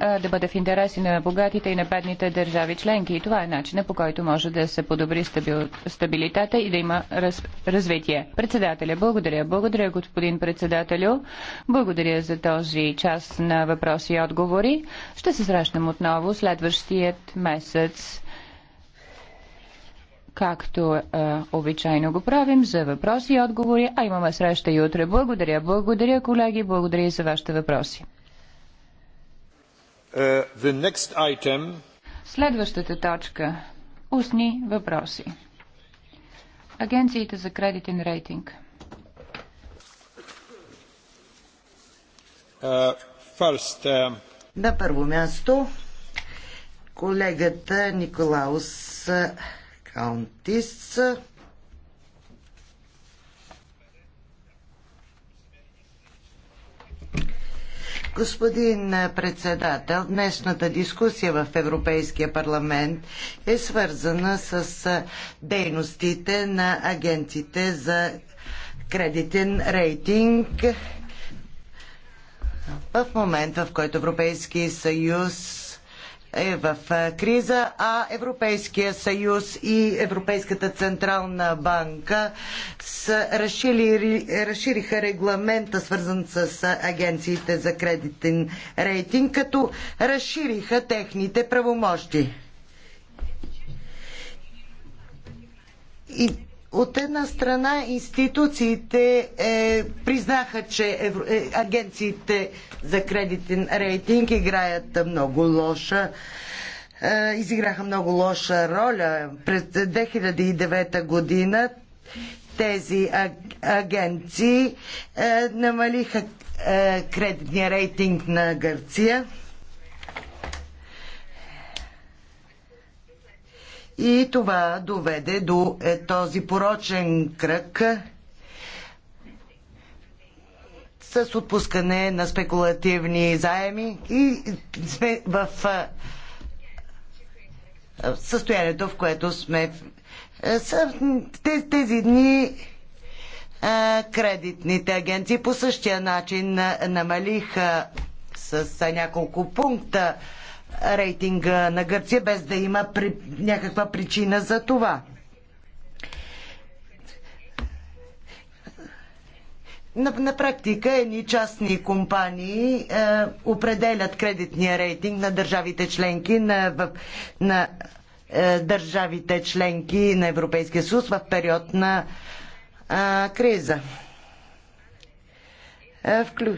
да бъде в интереси на богатите и на бедните държави членки. И това е начинът по който може да се подобри стабил... стабилитета и да има раз... развитие. Председателя, благодаря. Благодаря, господин председателю. Благодаря за този час на въпроси и отговори. Ще се срещнем отново следващият месец както е, обичайно го правим, за въпроси и отговори, а имаме среща и утре. Благодаря, благодаря колеги, благодаря и за вашите въпроси. Uh, Следващата точка. Устни въпроси. Агенциите за кредитен рейтинг. Uh, uh, На първо място колегата Николаус Каунтис Господин председател, днешната дискусия в Европейския парламент е свързана с дейностите на агенците за кредитен рейтинг в момент, в който Европейския съюз е в криза, а Европейския съюз и Европейската централна банка са разшили, разшириха регламента, свързан с агенциите за кредитен рейтинг, като разшириха техните правомощи. И от една страна институциите е, признаха, че евро, е, агенциите за кредитен рейтинг играят много лоша е, изиграха много лоша роля. През 2009 година тези агенции е, намалиха е, кредитния рейтинг на Гърция И това доведе до е, този порочен кръг с отпускане на спекулативни заеми и сме в е, състоянието, в което сме. Е, тези, тези дни е, кредитните агенции по същия начин намалиха с няколко пункта рейтинга на Гърция, без да има при... някаква причина за това. На, на практика едни частни компании е, определят кредитния рейтинг на държавите членки на, в, на е, държавите членки на Европейския съюз в период на е, криза. Е, вклю...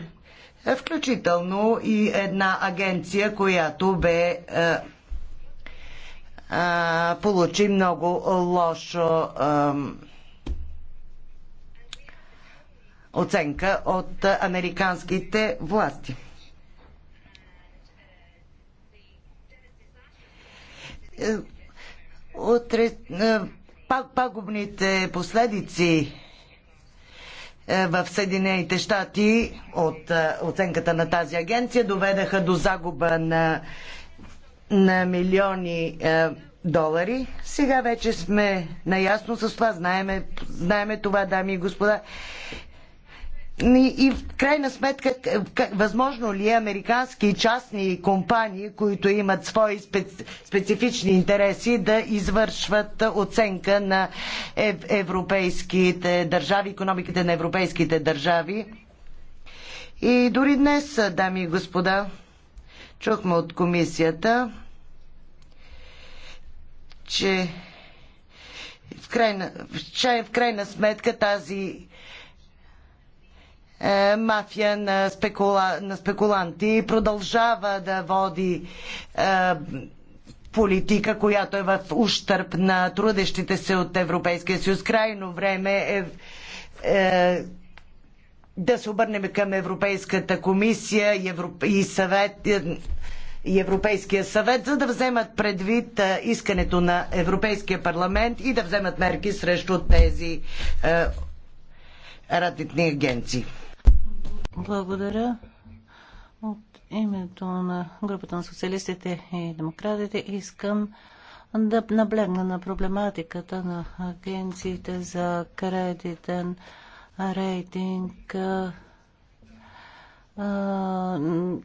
Е, включително и една агенция, която бе а, е, е, получи много лошо а, оценка от американските власти. а, пагубните последици е, в Съединените щати от е, оценката на тази агенция доведаха до загуба на, на милиони е, долари. Сега вече сме наясно с това, знаеме, знаеме това, дами и господа. И в крайна сметка, възможно ли е американски и частни компании, които имат свои специфични интереси, да извършват оценка на европейските държави, економиките на европейските държави? И дори днес, дами и господа, чухме от комисията, че в крайна, че в крайна сметка тази е, мафия на, спекула... на спекуланти продължава да води е, политика, която е в ущърп на трудещите се от Европейския съюз. Крайно време е, е да се обърнем към Европейската комисия и, Европ... и, съвет, е, и Европейския съвет, за да вземат предвид искането на Европейския парламент и да вземат мерки срещу тези е, радитни агенции. Благодаря. От името на групата на социалистите и демократите искам да наблегна на проблематиката на агенциите за кредитен рейтинг.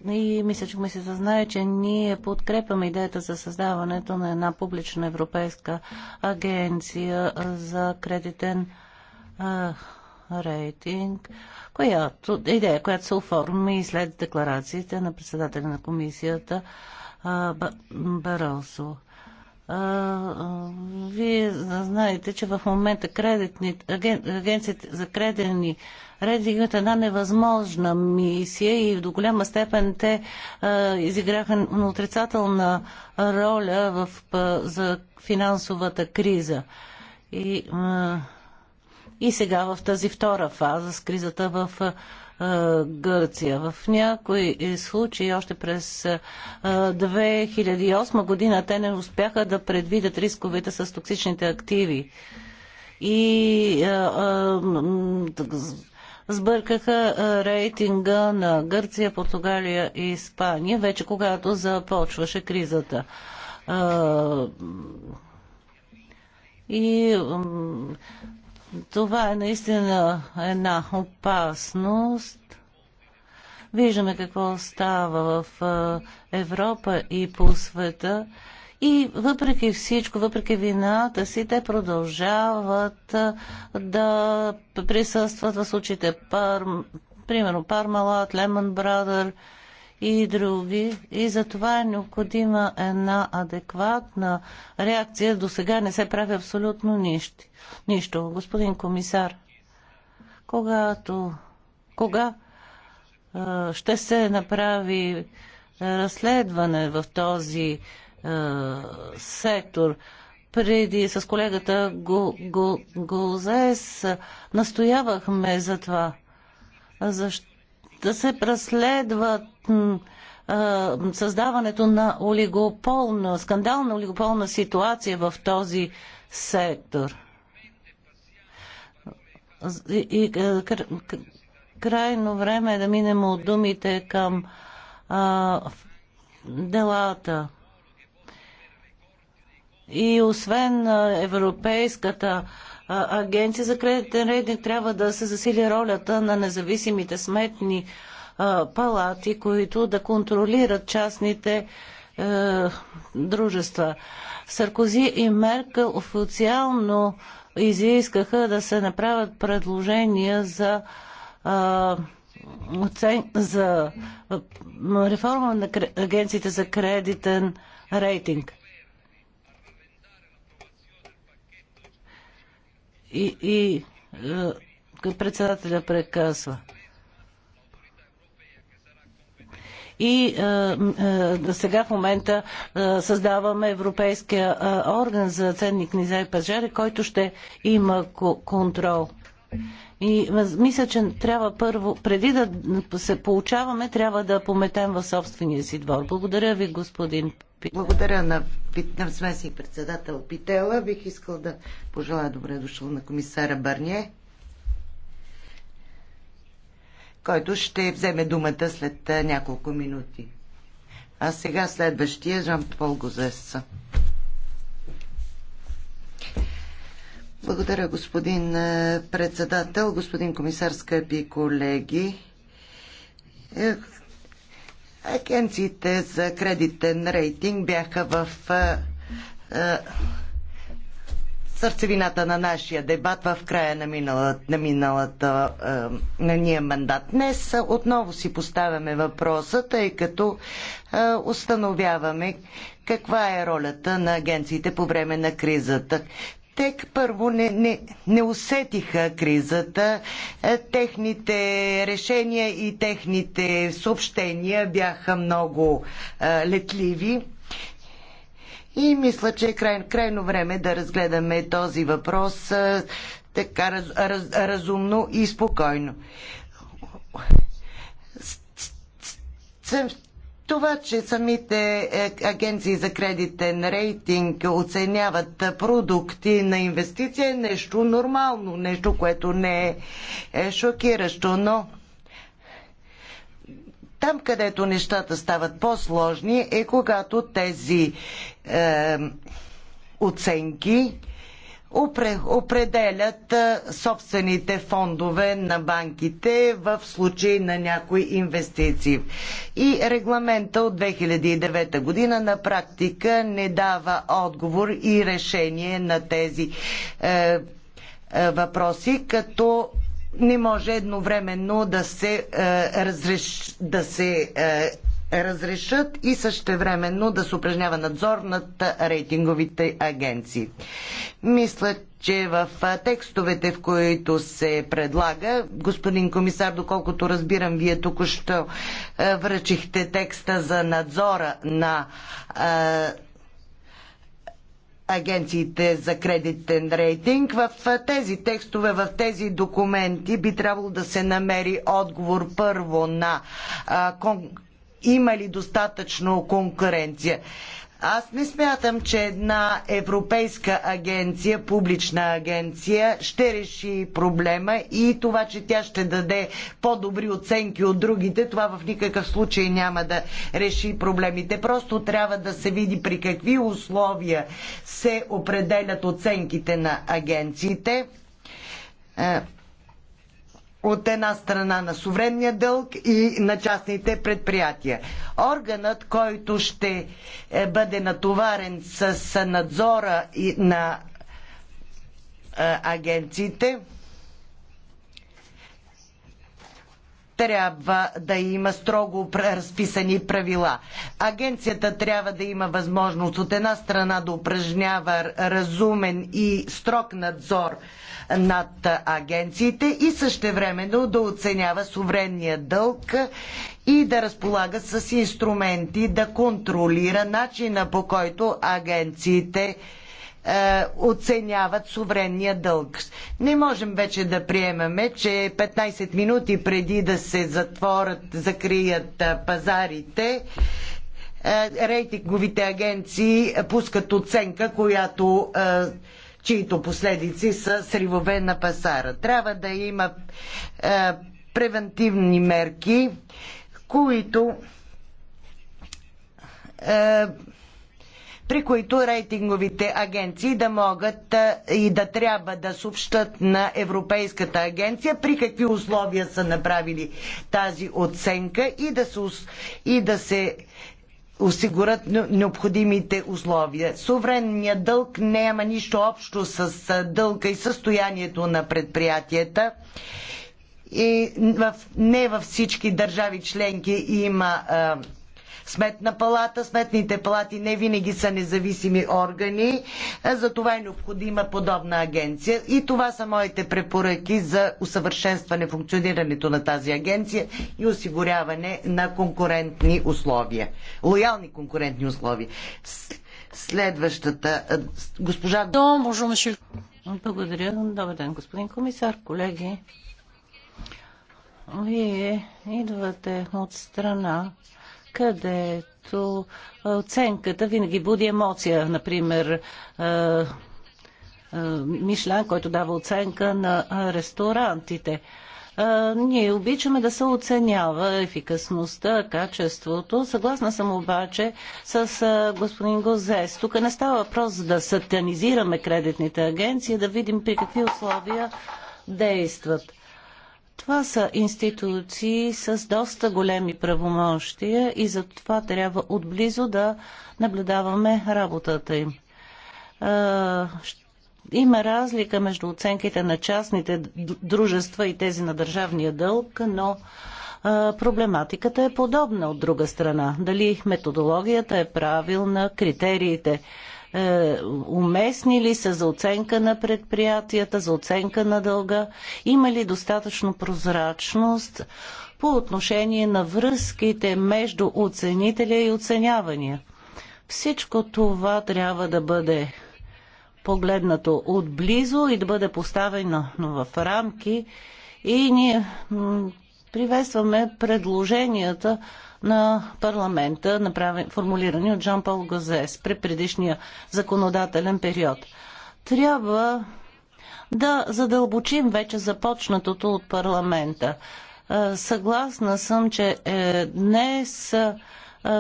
И мисля, че се знае, че ние подкрепяме идеята за създаването на една публична европейска агенция за кредитен рейтинг, която, идея, която се оформи и след декларациите на председателя на комисията Баросо. Вие знаете, че в момента кредитни, аген, агенцията за кредитни рейтинг е една невъзможна мисия и до голяма степен те а, изиграха отрицателна роля в, а, за финансовата криза. И а, и сега в тази втора фаза с кризата в Гърция. В някои случаи още през 2008 година те не успяха да предвидят рисковете с токсичните активи. И сбъркаха рейтинга на Гърция, Португалия и Испания, вече когато започваше кризата. и това е наистина една опасност. Виждаме какво става в Европа и по света. И въпреки всичко, въпреки вината си, те продължават да присъстват в случаите пар, примерно Пармалат, Лемон Брадър и други. И за това е необходима една адекватна реакция. До сега не се прави абсолютно нищо. нищо. Господин комисар, когато, кога е, ще се направи разследване в този е, сектор? преди с колегата Голзес настоявахме за това. Защо? да се преследват създаването на олигополна, скандална олигополна ситуация в този сектор. И, и крайно време е да минем от думите към а, делата. И освен европейската агенция за кредитен рейтинг трябва да се засили ролята на независимите сметни палати, които да контролират частните е, дружества. Саркози и Меркел официално изискаха да се направят предложения за, за реформа на агенциите за кредитен рейтинг. И, и е, председателя прекъсва. И е, е, сега в момента е, създаваме Европейския е, орган за ценни книза и пазари, който ще има контрол. И мисля, че трябва първо, преди да се получаваме, трябва да пометем в собствения си двор. Благодаря ви, господин Пител. Благодаря на, на смесник председател Питела. Бих искал да пожелая добре дошъл на комисара Барние, който ще вземе думата след няколко минути. А сега следващия Жан Пол Гозеса. Благодаря, господин е, председател, господин комисар, скъпи колеги. Е, агенциите за кредитен рейтинг бяха в е, сърцевината на нашия дебат в края на миналата, на миналата на ния мандат. Днес отново си поставяме въпроса, тъй като установяваме каква е ролята на агенциите по време на кризата те първо не, не, не усетиха кризата. Е, техните решения и техните съобщения бяха много а, е, летливи. И мисля, че е край, крайно време да разгледаме този въпрос а, е, така раз, раз, разумно и спокойно това, че самите е, агенции за кредитен рейтинг оценяват продукти на инвестиция е нещо нормално, нещо, което не е, е шокиращо, но там, където нещата стават по-сложни, е когато тези е, оценки определят собствените фондове на банките в случай на някои инвестиции. И регламента от 2009 година на практика не дава отговор и решение на тези е, е, въпроси, като не може едновременно да се, е, разреш, да се е, разрешат и същевременно да се упражнява надзор над рейтинговите агенции. Мисля, че в текстовете, в които се предлага, господин комисар, доколкото разбирам, вие току-що връчихте текста за надзора на агенциите за кредитен рейтинг. В тези текстове, в тези документи би трябвало да се намери отговор първо на има ли достатъчно конкуренция. Аз не смятам, че една европейска агенция, публична агенция, ще реши проблема и това, че тя ще даде по-добри оценки от другите, това в никакъв случай няма да реши проблемите. Просто трябва да се види при какви условия се определят оценките на агенциите е, от една страна на суверенния дълг и на частните предприятия. Органът, който ще е, бъде натоварен с надзора на е, агенциите, трябва да има строго разписани правила. Агенцията трябва да има възможност от една страна да упражнява разумен и строг надзор над агенциите и същевременно да оценява суверенния дълг и да разполага с инструменти да контролира начина по който агенциите е, оценяват суверенния дълг. Не можем вече да приемаме, че 15 минути преди да се затворят, закрият е, пазарите, е, рейтинговите агенции пускат оценка, която чието последици са сривове на пазара. Трябва да има превентивни мерки, които при които рейтинговите агенции да могат и да трябва да съобщат на Европейската агенция при какви условия са направили тази оценка и да се, и да се осигурят необходимите условия. Суверенният дълг няма нищо общо с дълга и състоянието на предприятията. И в, не във всички държави членки има а, сметна палата. Сметните палати не винаги са независими органи, е, за това е необходима подобна агенция. И това са моите препоръки за усъвършенстване функционирането на тази агенция и осигуряване на конкурентни условия. Лоялни конкурентни условия. Следващата е, госпожа... Благодаря. Добър ден, господин комисар, колеги. Вие идвате от страна, където оценката винаги буди емоция. Например, Мишлен, който дава оценка на ресторантите. Ние обичаме да се оценява ефикасността, качеството. Съгласна съм обаче с господин Гозес. Тук не става въпрос да сатанизираме кредитните агенции, да видим при какви условия действат. Това са институции с доста големи правомощия и за това трябва отблизо да наблюдаваме работата им. Има разлика между оценките на частните дружества и тези на държавния дълг, но проблематиката е подобна от друга страна. Дали методологията е правилна, критериите е, уместни ли са за оценка на предприятията, за оценка на дълга, има ли достатъчно прозрачност по отношение на връзките между оценителя и оценявания. Всичко това трябва да бъде погледнато отблизо и да бъде поставено в рамки и ние Приветстваме предложенията на парламента, направен, формулирани от Жан Пол Газес при предишния законодателен период. Трябва да задълбочим вече започнатото от парламента. Е, съгласна съм, че е, днес е,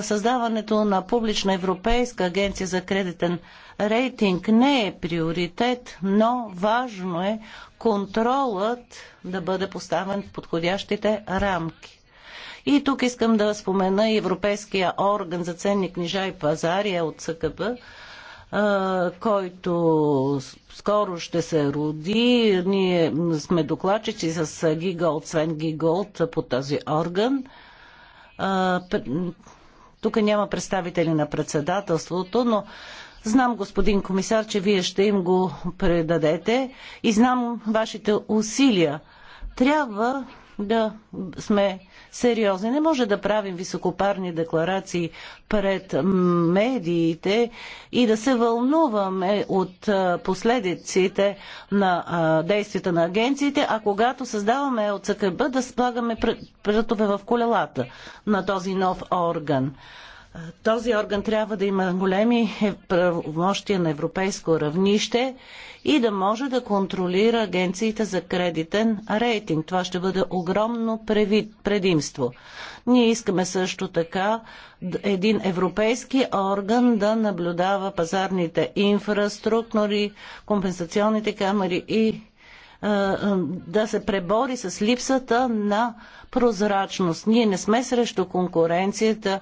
създаването на публична европейска агенция за кредитен рейтинг не е приоритет, но важно е контролът да бъде поставен в подходящите рамки. И тук искам да спомена Европейския орган за ценни книжа и пазари е от СКБ, който скоро ще се роди. Ние сме докладчици с Гиголд, Свен Гиголд по този орган. Тук няма представители на председателството, но Знам, господин комисар, че вие ще им го предадете и знам вашите усилия. Трябва да сме сериозни. Не може да правим високопарни декларации пред медиите и да се вълнуваме от последиците на действията на агенциите, а когато създаваме от да слагаме прътове в колелата на този нов орган. Този орган трябва да има големи е, правомощия на европейско равнище и да може да контролира агенциите за кредитен рейтинг. Това ще бъде огромно предимство. Ние искаме също така един европейски орган да наблюдава пазарните инфраструктури, компенсационните камери и е, е, да се пребори с липсата на прозрачност. Ние не сме срещу конкуренцията,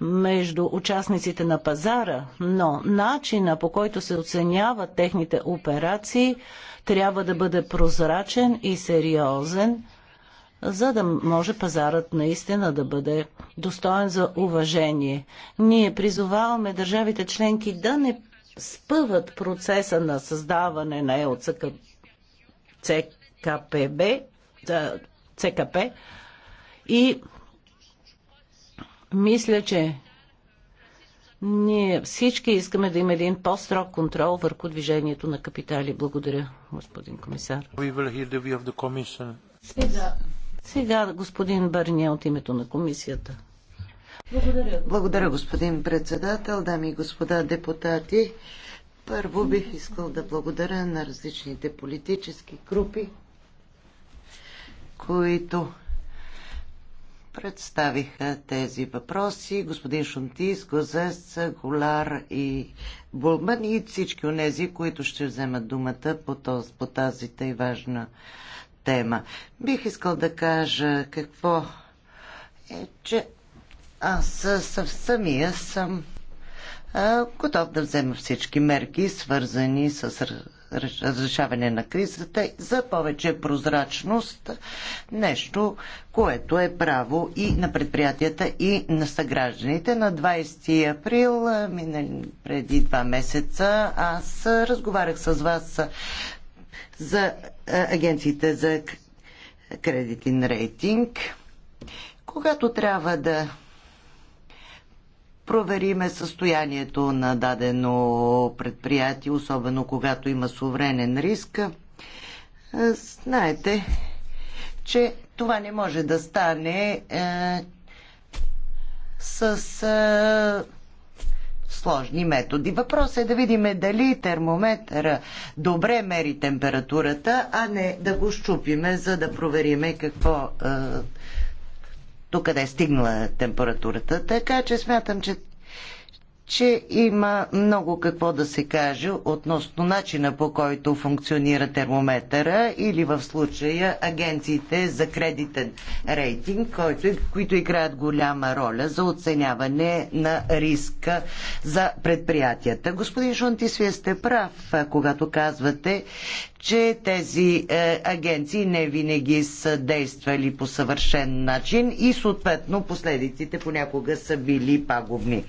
между участниците на пазара, но начина по който се оценяват техните операции трябва да бъде прозрачен и сериозен, за да може пазарът наистина да бъде достоен за уважение. Ние призоваваме държавите членки да не спъват процеса на създаване на ЕОЦК ЦКПБ, ЦКП и мисля, че ние всички искаме да има един по-строг контрол върху движението на капитали. Благодаря, господин комисар. Сега, господин Бърния от името на комисията. Благодаря. Благодаря, господин председател, дами и господа депутати. Първо бих искал да благодаря на различните политически групи, които представиха тези въпроси господин Шунтис, Гозес, Голар и Булман и всички от тези, които ще вземат думата по, този, по тази тъй важна тема. Бих искал да кажа какво е, че аз съв самия съм а, готов да взема всички мерки, свързани с разрешаване на кризата, за повече прозрачност, нещо, което е право и на предприятията, и на съгражданите. На 20 април, преди два месеца, аз разговарях с вас за агенциите за кредитен рейтинг. Когато трябва да провериме състоянието на дадено предприятие, особено когато има суверенен риск. Знаете, че това не може да стане е, с е, сложни методи. Въпросът е да видим дали термометъра добре мери температурата, а не да го щупиме, за да провериме какво е, тук къде е стигнала температурата. Така че смятам, че че има много какво да се каже относно начина по който функционира термометъра или в случая агенциите за кредитен рейтинг, който, които играят голяма роля за оценяване на риска за предприятията. Господин Шунтис, вие сте прав, когато казвате, че тези е, агенции не винаги са действали по съвършен начин и съответно последиците понякога са били пагубни.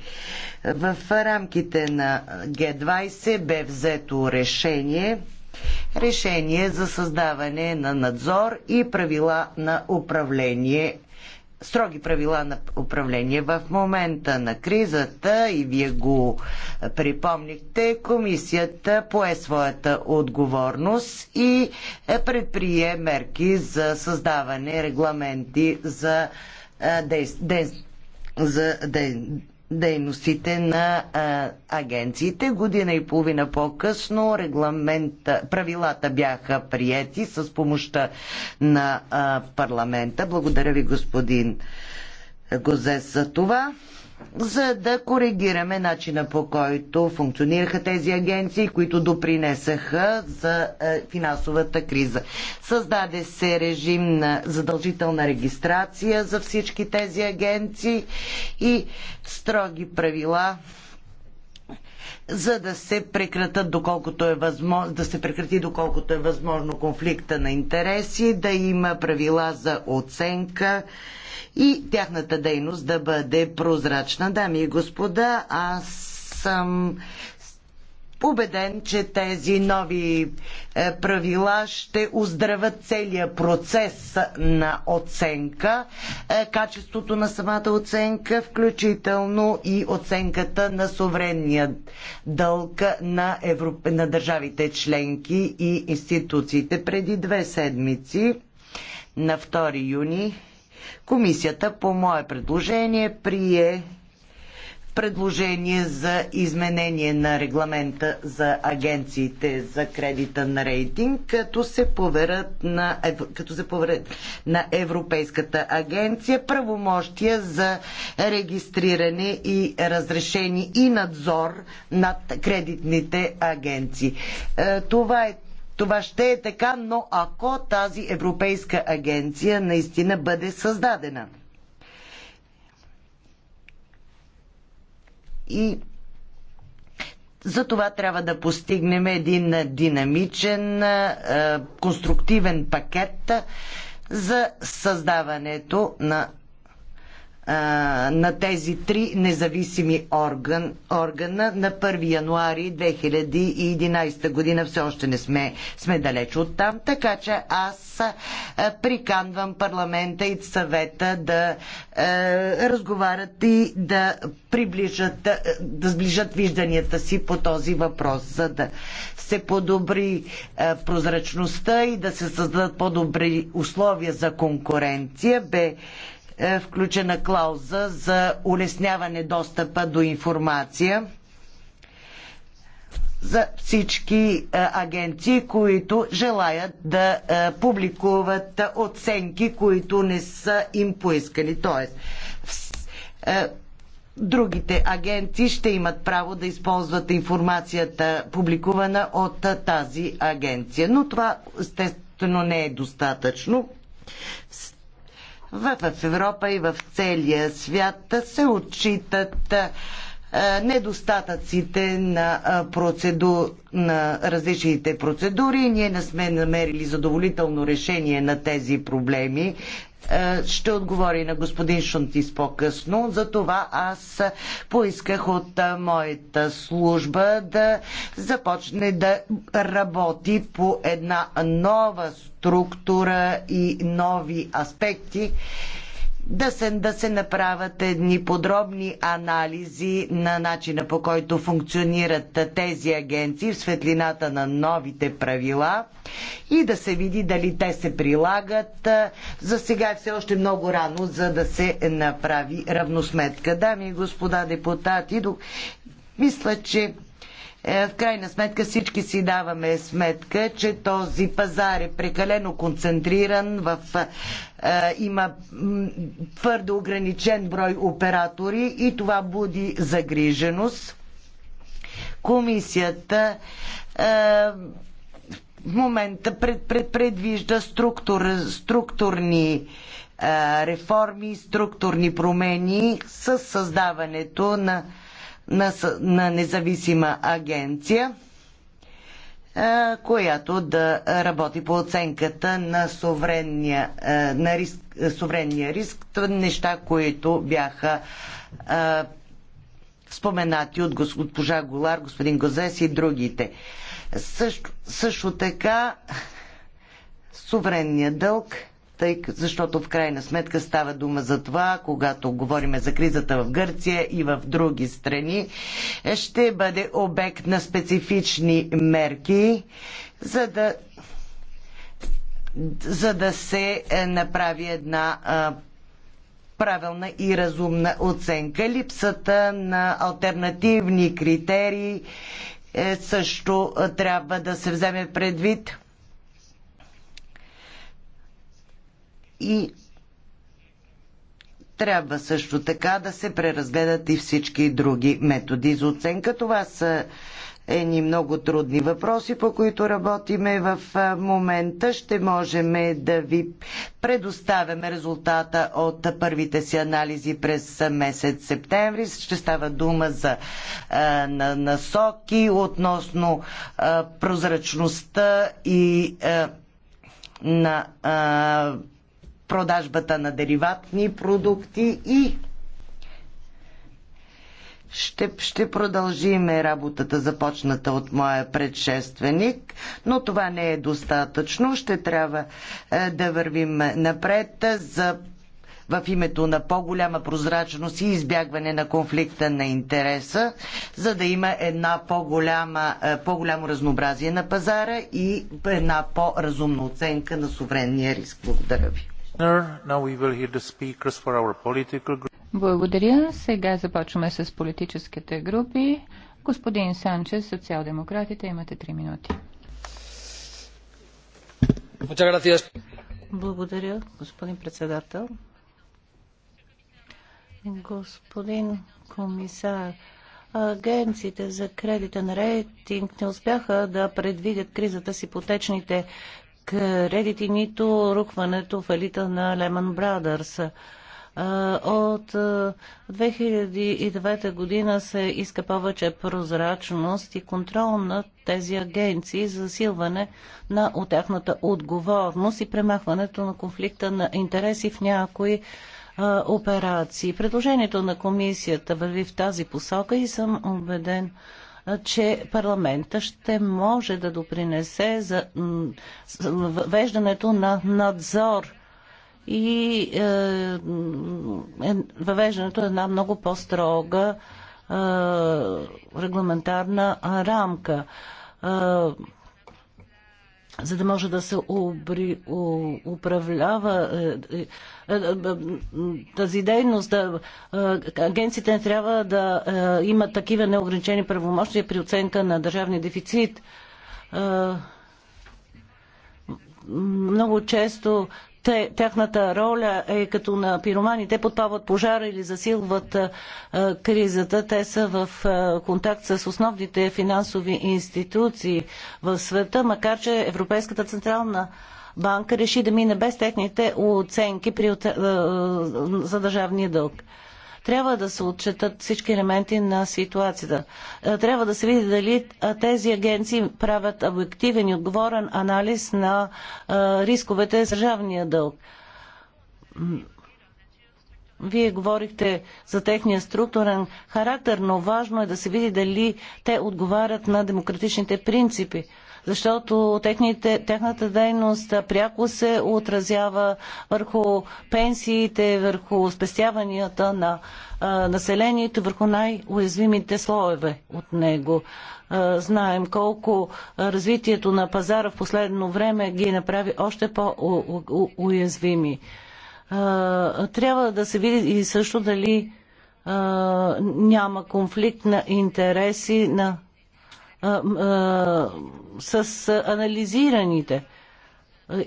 В в рамките на Г20 бе взето решение решение за създаване на надзор и правила на управление строги правила на управление. В момента на кризата, и вие го припомнихте, комисията пое своята отговорност и предприе мерки за създаване регламенти за, Дей... за дей дейностите на а, агенциите. Година и половина по-късно регламента, правилата бяха приети с помощта на а, парламента. Благодаря ви, господин Гозес, за това за да коригираме начина по който функционираха тези агенции, които допринесаха за е, финансовата криза. Създаде се режим на задължителна регистрация за всички тези агенции и строги правила за да се прекратат доколкото е възможно, да се прекрати доколкото е възможно конфликта на интереси, да има правила за оценка и тяхната дейност да бъде прозрачна. Дами и господа, аз съм убеден, че тези нови е, правила ще оздравят целия процес на оценка, е, качеството на самата оценка, включително и оценката на суверенния дълг на, Европ... на държавите членки и институциите. Преди две седмици, на 2 юни, Комисията по мое предложение прие предложение за изменение на регламента за агенциите за кредита на рейтинг, като се поверят на, като се поверят на Европейската агенция правомощия за регистриране и разрешение и надзор над кредитните агенции. Е, това е това ще е така, но ако тази Европейска агенция наистина бъде създадена. И за това трябва да постигнем един динамичен, конструктивен пакет за създаването на на тези три независими орган, органа на 1 януари 2011 година. Все още не сме, сме далеч от там, така че аз приканвам парламента и съвета да е, разговарят и да приближат, да сближат вижданията си по този въпрос, за да се подобри е, прозрачността и да се създадат по-добри условия за конкуренция. Бе е, включена клауза за улесняване достъпа до информация за всички е, агенции, които желаят да е, публикуват оценки, които не са им поискани. Тоест, другите агенции ще имат право да използват информацията, публикувана от тази агенция. Но това, естествено, не е достатъчно в Европа и в целия свят се отчитат недостатъците на, процеду... на различните процедури. Ние не сме намерили задоволително решение на тези проблеми. Е, ще отговори на господин Шунтис по-късно. Затова аз поисках от е, моята служба да започне да работи по една нова структура и нови аспекти да се, да се направят едни подробни анализи на начина по който функционират тези агенции в светлината на новите правила и да се види дали те се прилагат. За сега е все още много рано, за да се направи равносметка. Дами и господа депутати, мисля, че е, в крайна сметка всички си даваме сметка, че този пазар е прекалено концентриран, в, е, има твърдо ограничен брой оператори и това буди загриженост. Комисията е, в момента пред, пред, предвижда структур, структурни е, реформи, структурни промени с създаването на на, на независима агенция, която да работи по оценката на суверенния, на риск, суверенния риск, неща, които бяха споменати от госпожа Голар, господин Гозес и другите. Също, също така суверенният дълг тъй, защото в крайна сметка става дума за това, когато говорим за кризата в Гърция и в други страни, ще бъде обект на специфични мерки, за да, за да се е, направи една а, правилна и разумна оценка. Липсата на альтернативни критерии е, също трябва да се вземе предвид И трябва също така да се преразгледат и всички други методи за оценка. Това са едни много трудни въпроси, по които работиме в момента. Ще можем да ви предоставяме резултата от първите си анализи през месец септември. Ще става дума за а, на, насоки относно а, прозрачността и а, на а, продажбата на дериватни продукти и ще, ще продължим работата, започната от моя предшественик, но това не е достатъчно. Ще трябва е, да вървим напред за, в името на по-голяма прозрачност и избягване на конфликта на интереса, за да има една по-голяма, е, по-голямо разнообразие на пазара и една по-разумна оценка на суверенния риск. Благодаря ви. Благодаря. Сега започваме с политическите групи. Господин Санчес, социал-демократите, имате 3 минути. Благодаря, господин председател. Господин комисар, агенциите за кредитен рейтинг не успяха да предвидят кризата с ипотечните кредити, нито рухването в на Lehman Brothers. От 2009 година се иска повече прозрачност и контрол на тези агенции, засилване на тяхната отговорност и премахването на конфликта на интереси в някои операции. Предложението на комисията върви в тази посока и съм убеден, че парламента ще може да допринесе за въвеждането на надзор и е, е, въвеждането на една много по-строга е, регламентарна рамка за да може да се обри, у, управлява е, е, е, тази дейност. Да, агенциите не трябва да имат такива неограничени правомощия при оценка на държавния дефицит. Много често те, тяхната роля е като на пиромани. Те подпават пожара или засилват а, кризата. Те са в а, контакт с основните финансови институции в света, макар че Европейската централна банка реши да мине без техните оценки при, а, за държавния дълг. Трябва да се отчетат всички елементи на ситуацията. Е, трябва да се види дали тези агенции правят обективен и отговорен анализ на рисковете с държавния дълг. Вие говорихте за техния структурен характер, но важно е да се види дали те отговарят на демократичните принципи защото техните, техната дейност пряко се отразява върху пенсиите, върху спестяванията на а, населението, върху най-уязвимите слоеве от него. А, знаем колко развитието на пазара в последно време ги направи още по-уязвими. Трябва да се види и също дали а, няма конфликт на интереси на а, а, с анализираните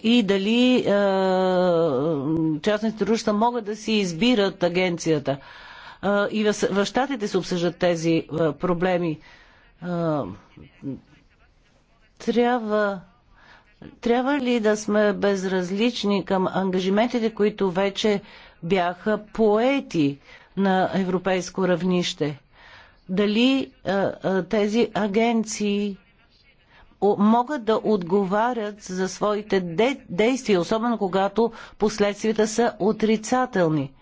и дали а, частните дружества могат да си избират агенцията. А, и в, в щатите се обсъждат тези а, проблеми. А, трябва трябва ли да сме безразлични към ангажиментите, които вече бяха поети на европейско равнище? дали тези агенции могат да отговарят за своите де действия, особено когато последствията са отрицателни.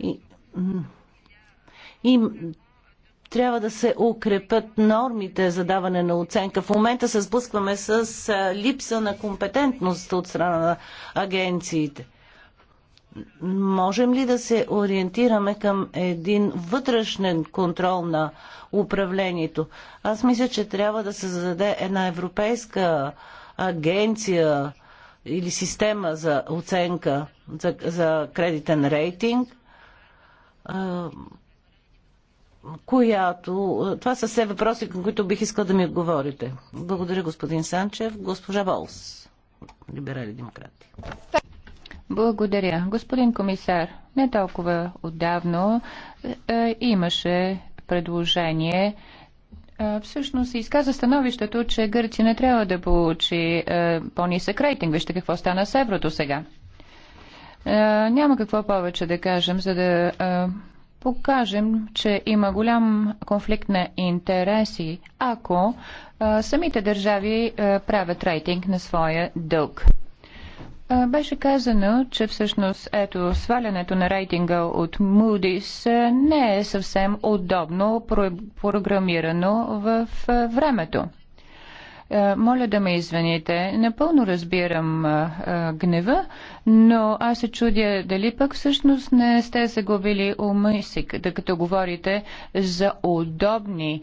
И, и трябва да се укрепят нормите за даване на оценка. В момента се сблъскваме с липса на компетентност от страна на агенциите можем ли да се ориентираме към един вътрешен контрол на управлението? Аз мисля, че трябва да се зададе една европейска агенция или система за оценка за, за кредитен рейтинг, която... Това са все въпроси, към които бих искал да ми отговорите. Благодаря, господин Санчев. Госпожа Болс, либерали демократи. Благодаря. Господин комисар, не толкова отдавно е, имаше предложение е, Всъщност се изказа становището, че Гърция не трябва да получи е, по-нисък рейтинг. Вижте какво стана с еврото сега. Е, няма какво повече да кажем, за да е, покажем, че има голям конфликт на интереси, ако е, самите държави е, правят рейтинг на своя дълг. Беше казано, че всъщност ето свалянето на рейтинга от Moody's не е съвсем удобно програмирано в времето. Моля да ме извините. Напълно разбирам гнева, но аз се чудя дали пък всъщност не сте загубили ума си, като говорите за удобни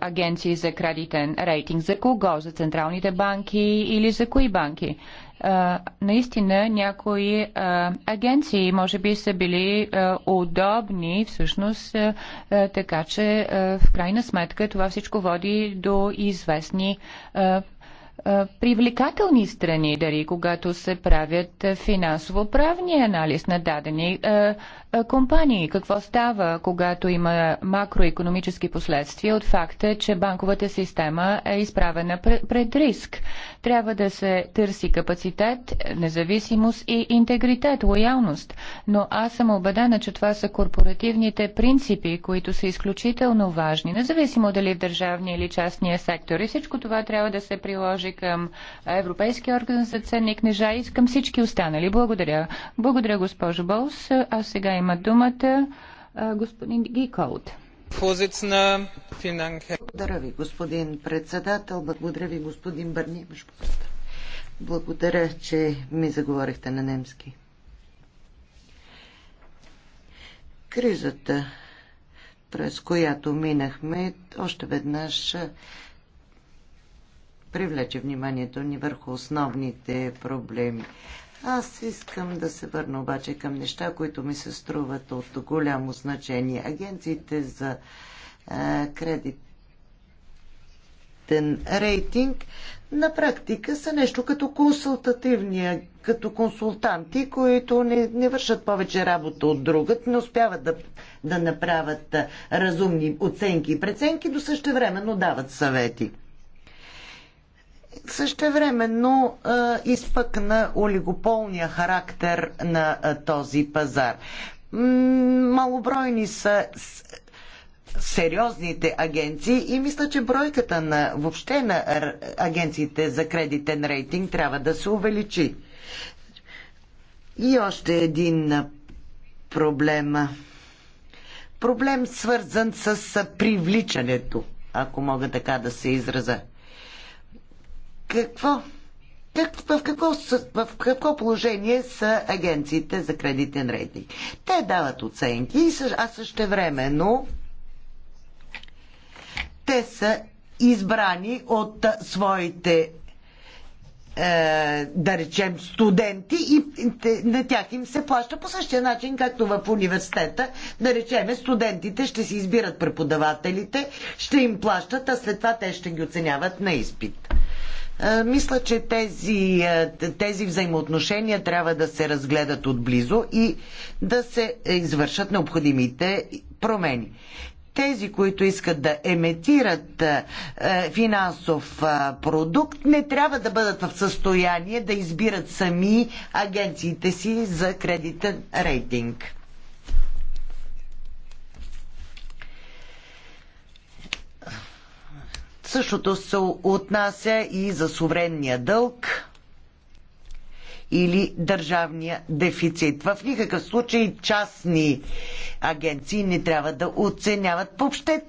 агенции за кредитен рейтинг. За кого? За централните банки или за кои банки? наистина някои агенции може би са били удобни всъщност, така че в крайна сметка това всичко води до известни привлекателни страни, дали когато се правят финансово-правни анализ на дадени компании. Какво става, когато има макроекономически последствия от факта, че банковата система е изправена пред риск? Трябва да се търси капацитет, независимост и интегритет, лоялност. Но аз съм убедена, че това са корпоративните принципи, които са изключително важни, независимо дали в държавния или частния сектор. И всичко това трябва да се приложи към Европейския орган за ценни книжа и към всички останали. Благодаря. Благодаря, госпожо Болс. А сега има думата господин Гиколд. Благодаря ви, господин председател. Благодаря ви, господин Бърни. Благодаря, че ми заговорихте на немски. Кризата, през която минахме, още веднъж привлече вниманието ни върху основните проблеми. Аз искам да се върна обаче към неща, които ми се струват от голямо значение. Агенциите за а, е, кредитен рейтинг на практика са нещо като консултативния, като консултанти, които не, не вършат повече работа от другът, не успяват да, да направят разумни оценки и преценки, до същевременно дават съвети. Същевременно изпъкна олигополния характер на този пазар. Малобройни са сериозните агенции и мисля, че бройката на въобще на агенциите за кредитен рейтинг трябва да се увеличи. И още един проблем. Проблем свързан с привличането, ако мога така да се изразя. Какво? Как, в, какво, в какво положение са агенциите за кредитен рейтинг? Те дават оценки, а също времено те са избрани от своите е, да речем, студенти и на тях им се плаща по същия начин, както в университета. Да речем, студентите ще си избират преподавателите, ще им плащат, а след това те ще ги оценяват на изпит. Е, мисля, че тези, е, тези взаимоотношения трябва да се разгледат отблизо и да се извършат необходимите промени тези, които искат да еметират е, финансов продукт, не трябва да бъдат в състояние да избират сами агенциите си за кредитен рейтинг. Същото се отнася и за суверенния дълг или държавния дефицит. В никакъв случай частни агенции не трябва да оценяват. Въобще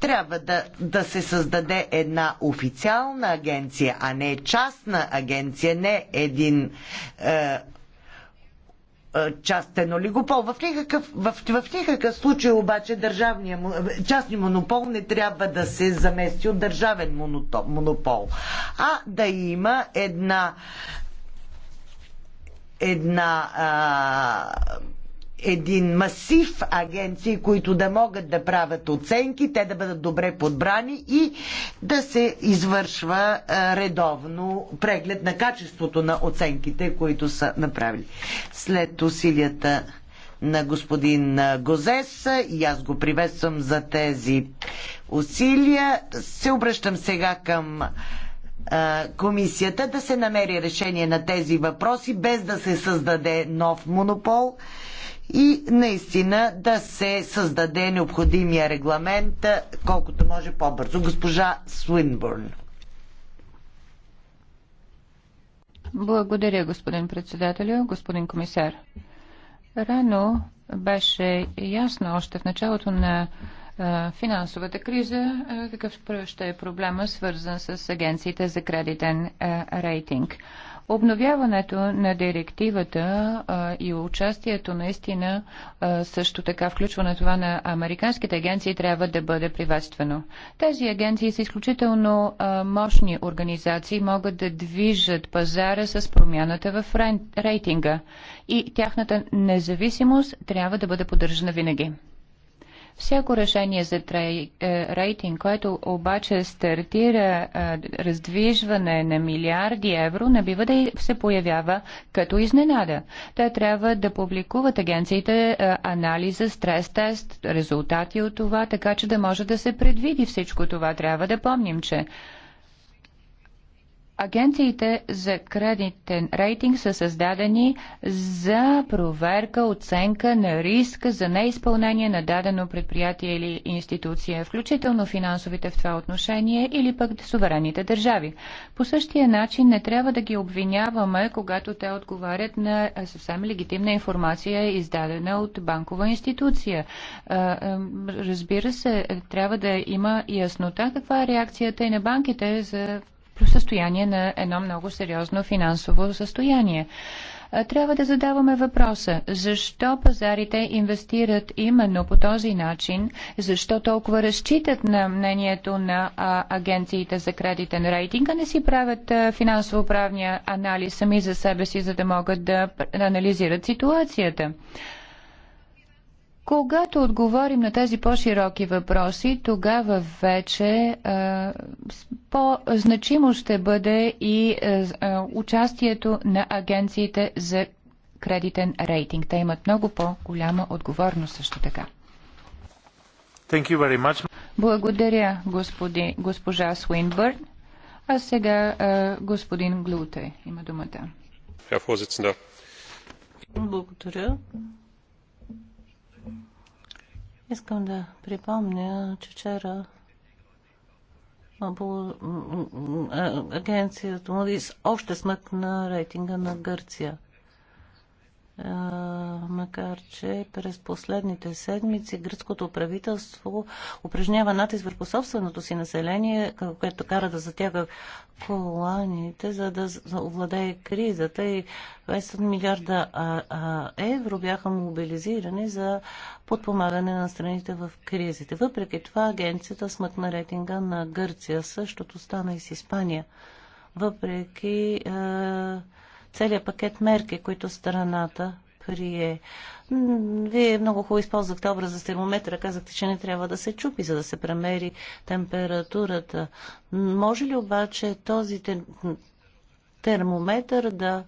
трябва да, да се създаде една официална агенция, а не частна агенция, не един е, частен олигопол. В никакъв, в, в никакъв случай обаче държавния, частни монопол не трябва да се замести от държавен монопол, а да има една една а, един масив агенции, които да могат да правят оценки, те да бъдат добре подбрани и да се извършва редовно преглед на качеството на оценките, които са направили. След усилията на господин Гозес и аз го приветствам за тези усилия, се обръщам сега към комисията да се намери решение на тези въпроси без да се създаде нов монопол и наистина да се създаде необходимия регламент колкото може по-бързо. Госпожа Свинбърн. Благодаря, господин председателю, господин комисар. Рано беше ясно още в началото на финансовата криза, какъв ще е проблема свързан с агенциите за кредитен рейтинг. Обновяването на директивата а, и участието наистина а, също така включване това на американските агенции трябва да бъде приветствено. Тези агенции са изключително а, мощни организации, могат да движат пазара с промяната в рейтинга и тяхната независимост трябва да бъде поддържана винаги. Всяко решение за трей, е, рейтинг, което обаче стартира е, раздвижване на милиарди евро, не бива да се появява като изненада. Те трябва да публикуват агенциите е, анализа, стрес-тест, резултати от това, така че да може да се предвиди всичко това. Трябва да помним, че Агенциите за кредитен рейтинг са създадени за проверка, оценка на риск за неизпълнение на дадено предприятие или институция, включително финансовите в това отношение или пък суверените държави. По същия начин не трябва да ги обвиняваме, когато те отговарят на съвсем легитимна информация, издадена от банкова институция. Разбира се, трябва да има яснота каква е реакцията и на банките за състояние на едно много сериозно финансово състояние. Трябва да задаваме въпроса, защо пазарите инвестират именно по този начин, защо толкова разчитат на мнението на агенциите за кредитен рейтинг, а не си правят финансово-правния анализ сами за себе си, за да могат да анализират ситуацията. Когато отговорим на тези по-широки въпроси, тогава вече е, по-значимо ще бъде и е, е, участието на агенциите за кредитен рейтинг. Те имат много по-голяма отговорност също така. Thank you very much. Благодаря, господи, госпожа Свинбърн. А сега господин Глуте има думата. Благодаря. Искам да припомня, че вчера агенцията Модис още смъкна рейтинга на Гърция макар че през последните седмици гръцкото правителство упражнява натиск върху собственото си население, което кара да затяга коланите, за да овладее кризата и 20 милиарда евро бяха мобилизирани за подпомагане на страните в кризите. Въпреки това агенцията смъкна рейтинга на Гърция. Същото стана и с Испания. Въпреки е, целият пакет мерки, които страната крие. Вие много хубаво използвахте образа с термометра. Казахте, че не трябва да се чупи, за да се премери температурата. Може ли обаче този термометър да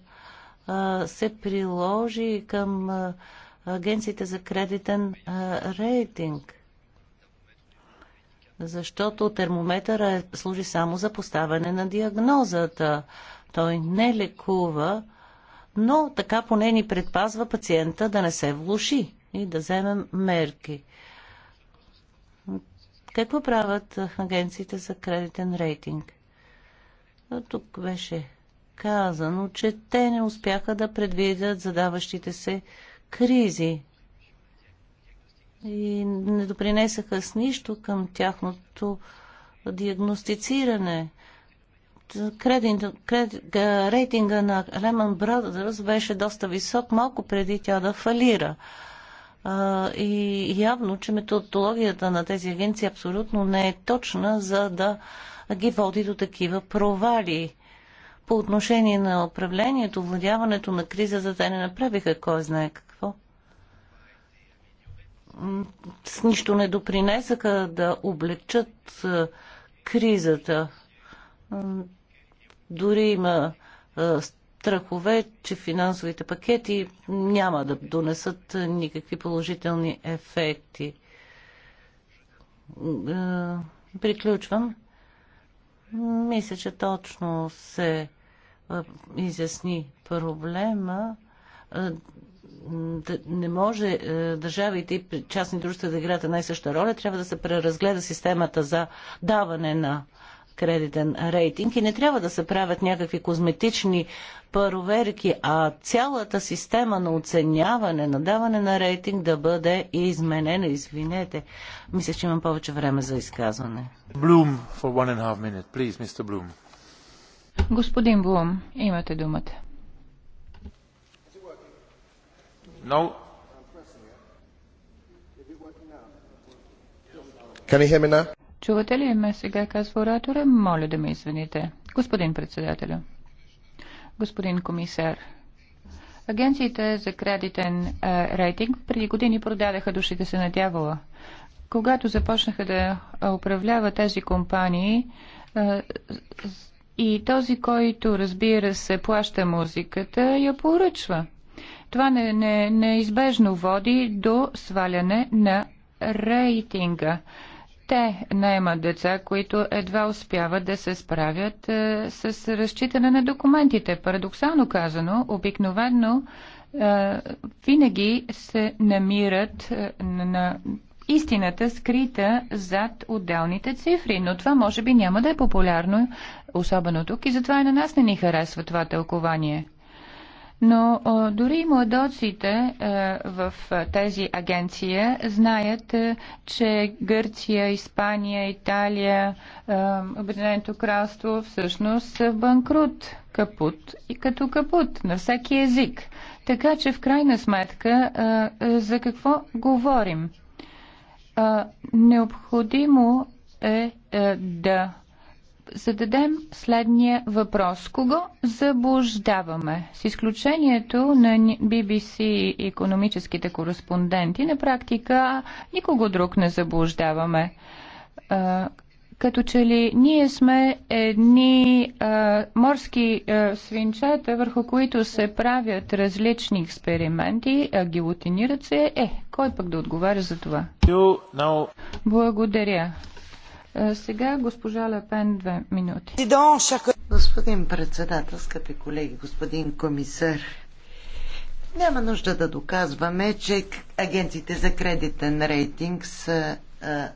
се приложи към агенциите за кредитен рейтинг? Защото термометъра е, служи само за поставяне на диагнозата. Той не лекува, но така поне ни предпазва пациента да не се влуши и да вземем мерки. Какво правят агенциите за кредитен рейтинг? Тук беше казано, че те не успяха да предвидят задаващите се кризи и не допринесаха с нищо към тяхното диагностициране рейтинга на Lehman Brothers беше доста висок малко преди тя да фалира. и явно, че методологията на тези агенции абсолютно не е точна, за да ги води до такива провали. По отношение на управлението, владяването на кризата, те не направиха кой знае какво. С нищо не допринесаха да облегчат кризата. Дори има страхове, че финансовите пакети няма да донесат никакви положителни ефекти. приключвам. Мисля, че точно се изясни проблема. не може държавите и частни дружества да играят една и съща роля, трябва да се преразгледа системата за даване на кредитен рейтинг и не трябва да се правят някакви козметични проверки, а цялата система на оценяване, на даване на рейтинг да бъде изменена. Извинете, мисля, че имам повече време за изказване. Блум, for one and a half minute, please, Mr. Bloom. Господин Блум, имате думата. No. Can you hear me now? Чувате ли ме сега, казва оратора? Моля да ме извините. Господин председателю, господин комисар, агенциите за кредитен а, рейтинг преди години продадаха душите се на дявола. Когато започнаха да управлява тези компании, а, и този, който разбира се плаща музиката, я поръчва. Това не, не, неизбежно води до сваляне на рейтинга. Те наемат деца, които едва успяват да се справят е, с разчитане на документите. Парадоксално казано, обикновено е, винаги се намират е, на истината скрита зад отделните цифри, но това може би няма да е популярно, особено тук и затова и на нас не ни харесва това тълкование. Но дори младоците в тези агенции знаят, че Гърция, Испания, Италия, Обединеното кралство всъщност са банкрут, капут и като капут на всеки език. Така че в крайна сметка за какво говорим? Необходимо е да зададем следния въпрос. Кого заблуждаваме? С изключението на BBC и економическите кореспонденти, на практика никого друг не заблуждаваме. Като че ли ние сме едни а, морски а, свинчета, върху които се правят различни експерименти, а гилотинират се. Е, кой пък да отговаря за това? Благодаря. Е, сега госпожа Лепен, две минути. Господин председател, скъпи колеги, господин комисар, няма нужда да доказваме, че агенциите за кредитен рейтинг са, а, е,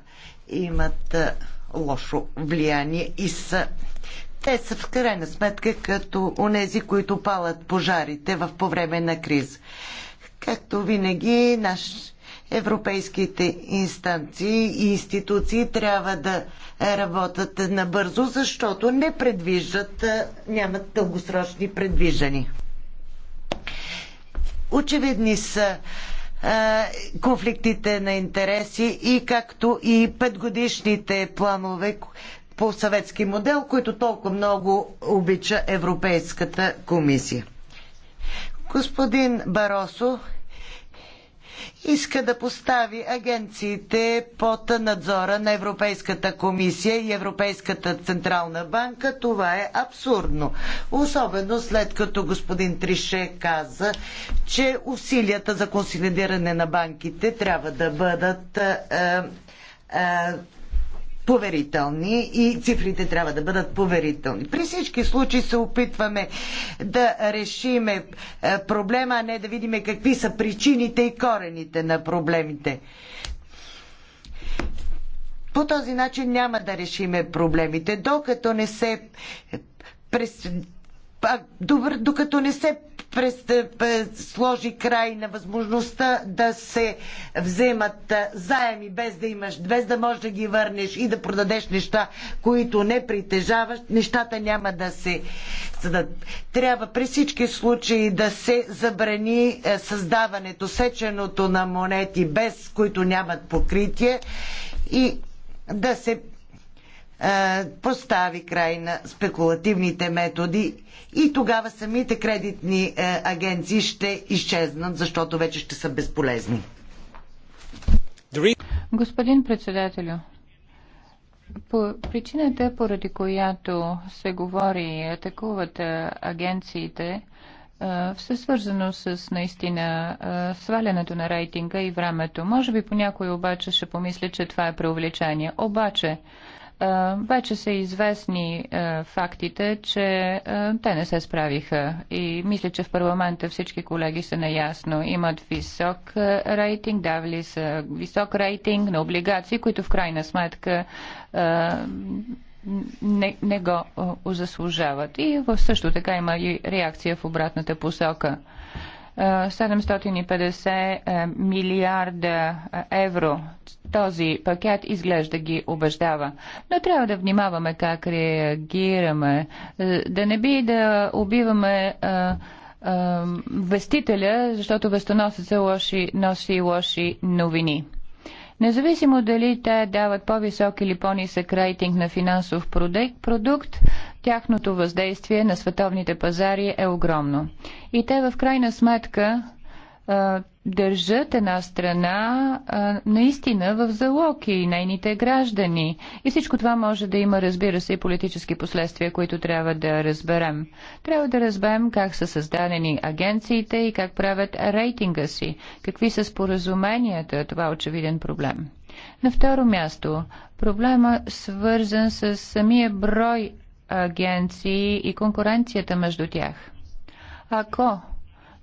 имат а, е, лошо влияние и са. Те са в крайна сметка като онези, които палат пожарите в, по време на криза. Както винаги, наш, европейските инстанции и институции трябва да работят набързо, защото не предвиждат, нямат дългосрочни предвиждани. Очевидни са конфликтите на интереси и както и петгодишните планове по съветски модел, които толкова много обича Европейската комисия. Господин Баросо, иска да постави агенциите под надзора на Европейската комисия и Европейската централна банка. Това е абсурдно. Особено след като господин Трише каза, че усилията за консолидиране на банките трябва да бъдат е, е, поверителни и цифрите трябва да бъдат поверителни. При всички случаи се опитваме да решиме е, проблема, а не да видим какви са причините и корените на проблемите. По този начин няма да решиме проблемите, докато не се през докато не се сложи край на възможността да се вземат заеми без да имаш, без да можеш да ги върнеш и да продадеш неща, които не притежаваш, нещата няма да се съдат. Трябва при всички случаи да се забрани е, създаването, сеченото на монети без които нямат покритие и да се е, постави край на спекулативните методи и тогава самите кредитни е, агенции ще изчезнат, защото вече ще са безполезни. Господин председателю, по причината, поради която се говори и атакуват е, агенциите, все свързано с наистина свалянето на рейтинга и времето. Може би по някой обаче ще помисли, че това е преувеличение. Обаче, вече са известни фактите, че те не се справиха и мисля, че в парламента всички колеги са наясно. Имат висок рейтинг, давали са висок рейтинг на облигации, които в крайна сметка не, не го заслужават. И също така има и реакция в обратната посока. 750 е, милиарда е, евро. Този пакет изглежда ги убеждава. Но трябва да внимаваме как реагираме. Е, да не би да убиваме вестителя, защото вестоносеца лоши, носи лоши новини. Независимо дали те дават по-висок или по-нисък рейтинг на финансов продукт, Тяхното въздействие на световните пазари е огромно. И те в крайна сметка държат една страна наистина в залог и нейните граждани. И всичко това може да има, разбира се, и политически последствия, които трябва да разберем. Трябва да разберем как са създадени агенциите и как правят рейтинга си, какви са споразуменията, това е очевиден проблем. На второ място, проблема свързан с самия брой агенции и конкуренцията между тях. Ако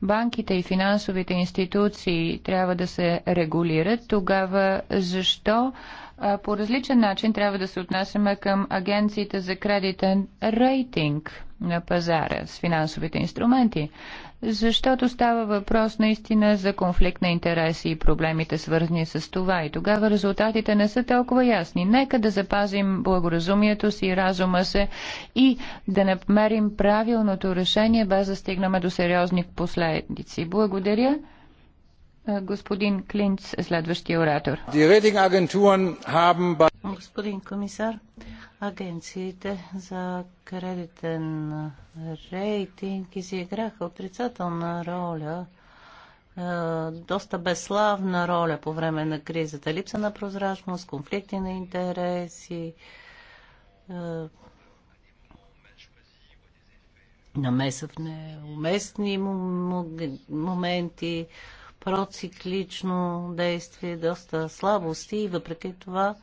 банките и финансовите институции трябва да се регулират, тогава защо по различен начин трябва да се отнасяме към агенциите за кредитен рейтинг на пазара с финансовите инструменти? защото става въпрос наистина за конфликт на интереси и проблемите свързани с това и тогава резултатите не са толкова ясни. Нека да запазим благоразумието си и разума се и да намерим правилното решение, без да стигнаме до сериозни последици. Благодаря. Господин Клинц, е следващия оратор. Господин комисар, агенциите за кредитен рейтинг изиграха отрицателна роля, е, доста безславна роля по време на кризата. Липса на прозрачност, конфликти на интереси, е, намеса в неуместни моменти, проциклично действие, доста слабости и въпреки това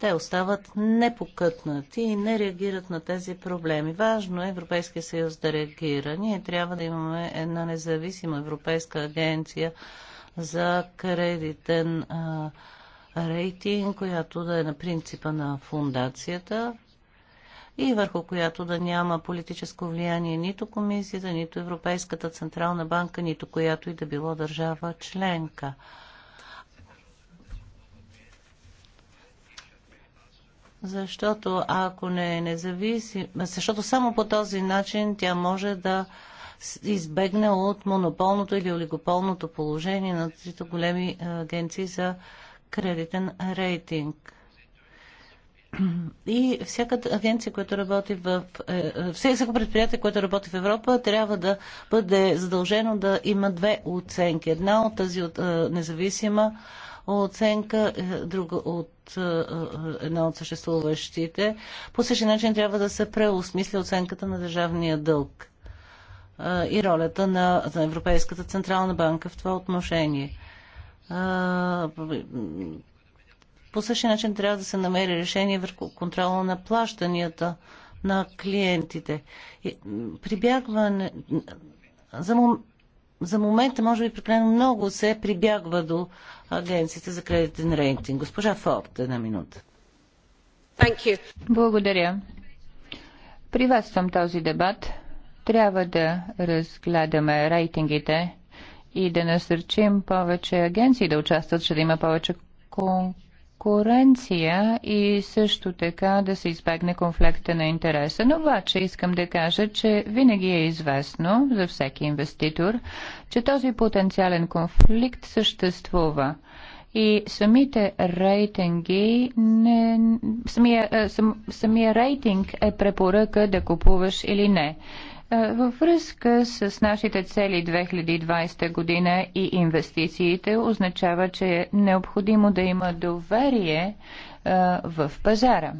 те остават непокътнати и не реагират на тези проблеми. Важно е Европейския съюз да реагира. Ние трябва да имаме една независима Европейска агенция за кредитен а, рейтинг, която да е на принципа на фундацията и върху която да няма политическо влияние нито комисията, нито Европейската централна банка, нито която и да било държава членка. защото ако не е независим, защото само по този начин тя може да избегне от монополното или олигополното положение на трите големи е, агенции за кредитен рейтинг. И всяка агенция, която работи в... Е, е, всяко предприятие, което работи в Европа, трябва да бъде задължено да има две оценки. Една от тази от, независима оценка е, друга от е, е, една от съществуващите. По същия начин трябва да се преосмисли оценката на държавния дълг и ролята на, на Европейската централна банка в това отношение. По същия начин трябва да се намери решение върху контрола на плащанията на клиентите. Прибягване за мом за момента, може би прекалено много, се прибягва до агенцията за кредитен рейтинг. Госпожа Форд, една минута. Благодаря. Приветствам този дебат. Трябва да разгледаме рейтингите и да насърчим повече агенции да участват, ще да има повече кон конкуренция и също така да се избегне конфликта на интереса. Но обаче искам да кажа, че винаги е известно за всеки инвеститор, че този потенциален конфликт съществува. И самите рейтинги, не, самия, е, сам, самия рейтинг е препоръка да купуваш или не. Във връзка с нашите цели 2020 година и инвестициите означава, че е необходимо да има доверие в пазара.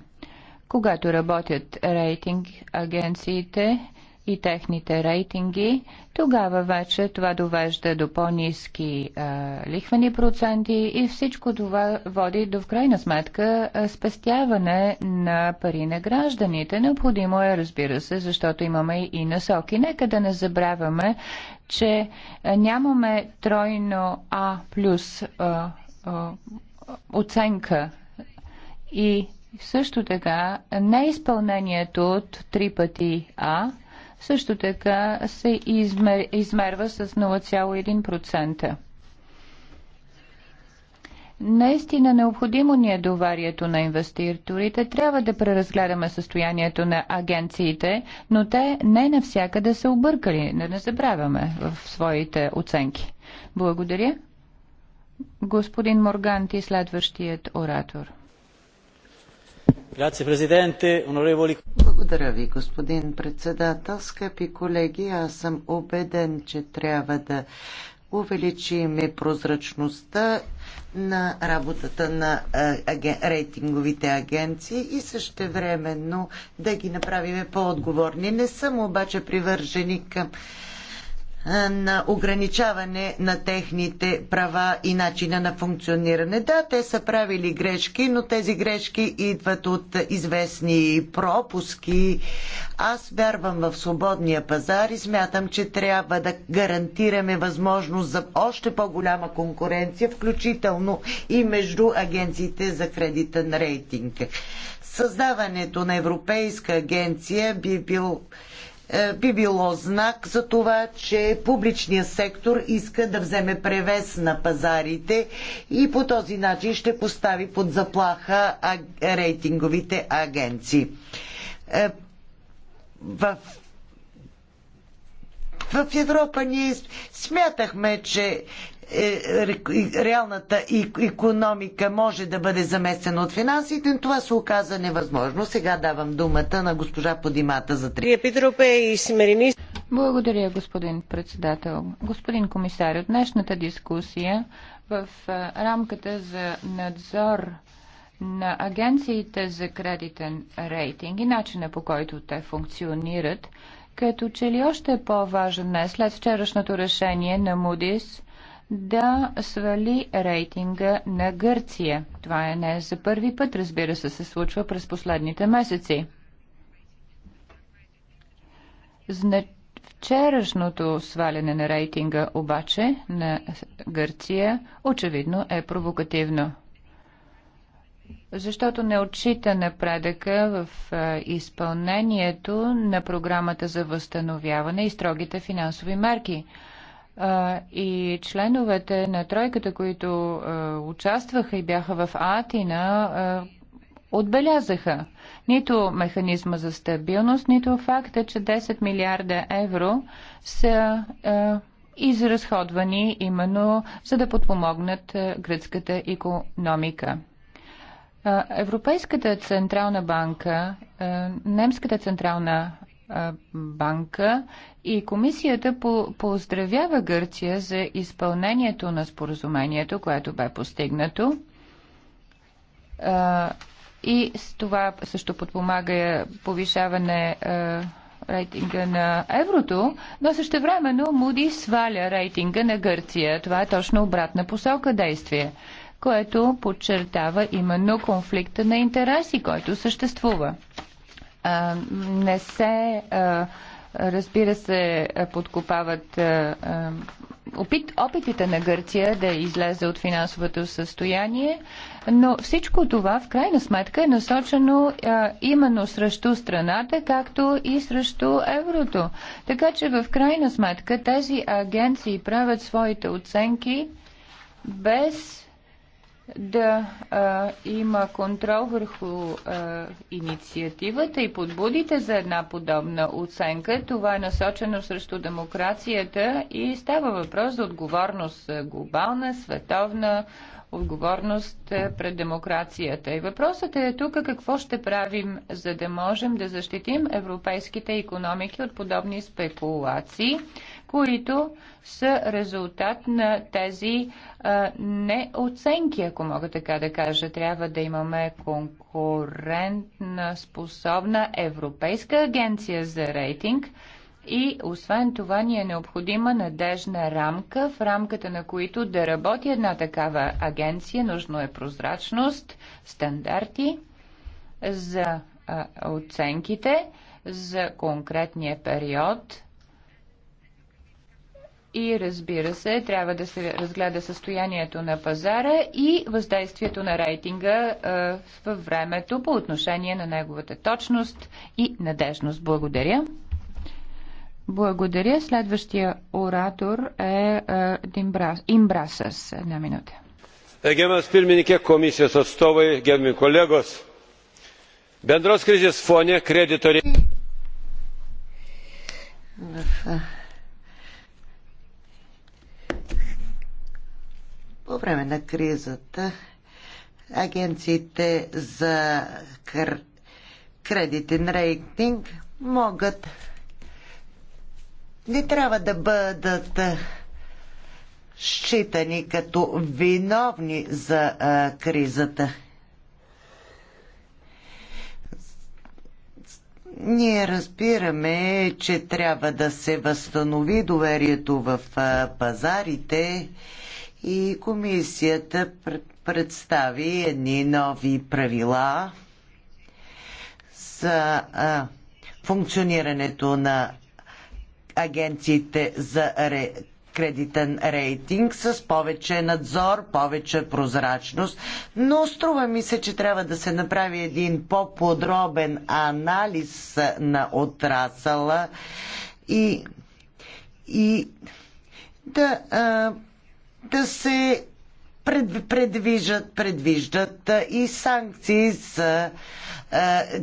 Когато работят рейтинг агенциите, и техните рейтинги, тогава вече това довежда до по-низки е, лихвени проценти и всичко това води до в крайна сметка спестяване на пари на гражданите. Необходимо е, разбира се, защото имаме и насоки. Нека да не забравяме, че нямаме тройно А плюс оценка и също така неизпълнението от три пъти А също така се измер, измерва с 0,1%. Наистина необходимо ни е доварието на инвеститорите. Трябва да преразгледаме състоянието на агенциите, но те не навсякъде са объркали, Не не забравяме в своите оценки. Благодаря. Господин Морганти, следващият оратор. Благодаря ви, господин председател. Скъпи колеги, аз съм убеден, че трябва да увеличим прозрачността на работата на аген... рейтинговите агенции и също времено да ги направим по-отговорни. Не съм обаче привържени към на ограничаване на техните права и начина на функциониране. Да, те са правили грешки, но тези грешки идват от известни пропуски. Аз вярвам в свободния пазар и смятам, че трябва да гарантираме възможност за още по-голяма конкуренция, включително и между агенциите за кредитен рейтинг. Създаването на Европейска агенция би бил е, би било знак за това, че публичният сектор иска да вземе превес на пазарите и по този начин ще постави под заплаха рейтинговите агенции. Е, в в Европа ние смятахме, че е, реалната економика може да бъде заместена от финансите, това се оказа невъзможно. Сега давам думата на госпожа Подимата за три. Благодаря, господин председател. Господин комисар, от днешната дискусия в рамката за надзор на агенциите за кредитен рейтинг и начина по който те функционират, като че ли още е по-важен днес след вчерашното решение на Мудис да свали рейтинга на Гърция. Това е не за първи път, разбира се, се случва през последните месеци. Вчерашното сваляне на рейтинга обаче на Гърция очевидно е провокативно защото не отчита напредъка в изпълнението на програмата за възстановяване и строгите финансови мерки и членовете на тройката, които участваха и бяха в Атина, отбелязаха нито механизма за стабилност, нито факта, че 10 милиарда евро са изразходвани именно за да подпомогнат гръцката економика. Европейската централна банка, немската централна банка и комисията поздравява Гърция за изпълнението на споразумението, което бе постигнато. И с това също подпомага повишаване рейтинга на еврото, но също времено Муди сваля рейтинга на Гърция. Това е точно обратна посока действие, което подчертава именно конфликта на интереси, който съществува не се разбира се, подкопават опит, опитите на Гърция да излезе от финансовото състояние, но всичко това в крайна сметка е насочено а, именно срещу страната, както и срещу еврото. Така че в крайна сметка тези агенции правят своите оценки без да а, има контрол върху а, инициативата и подбудите за една подобна оценка. Това е насочено срещу демокрацията и става въпрос за отговорност глобална, световна, отговорност пред демокрацията. И въпросът е тук какво ще правим, за да можем да защитим европейските економики от подобни спекулации, които са резултат на тези а, неоценки, ако мога така да кажа. Трябва да имаме конкурентна, способна Европейска агенция за рейтинг. И освен това ни е необходима надежна рамка, в рамката на които да работи една такава агенция. Нужно е прозрачност, стандарти за а, оценките за конкретния период и разбира се, трябва да се разгледа състоянието на пазара и въздействието на рейтинга е, във времето по отношение на неговата точност и надежност. Благодаря. Благодаря. Следващия оратор е, е Имбрасас. Една минута. Gerbiamas pirmininkė, komisijos atstovai, gerbiami kolegos, bendros krizės fone kreditoriai. По време на кризата агенциите за кр... кредитен рейтинг могат не трябва да бъдат считани като виновни за а, кризата. Ние разбираме, че трябва да се възстанови доверието в а, пазарите и комисията представи едни нови правила за а, функционирането на агенциите за ре, кредитен рейтинг с повече надзор, повече прозрачност, но струва ми се, че трябва да се направи един по-подробен анализ на отрасъла и, и да а, да се предвижат, предвиждат и санкции за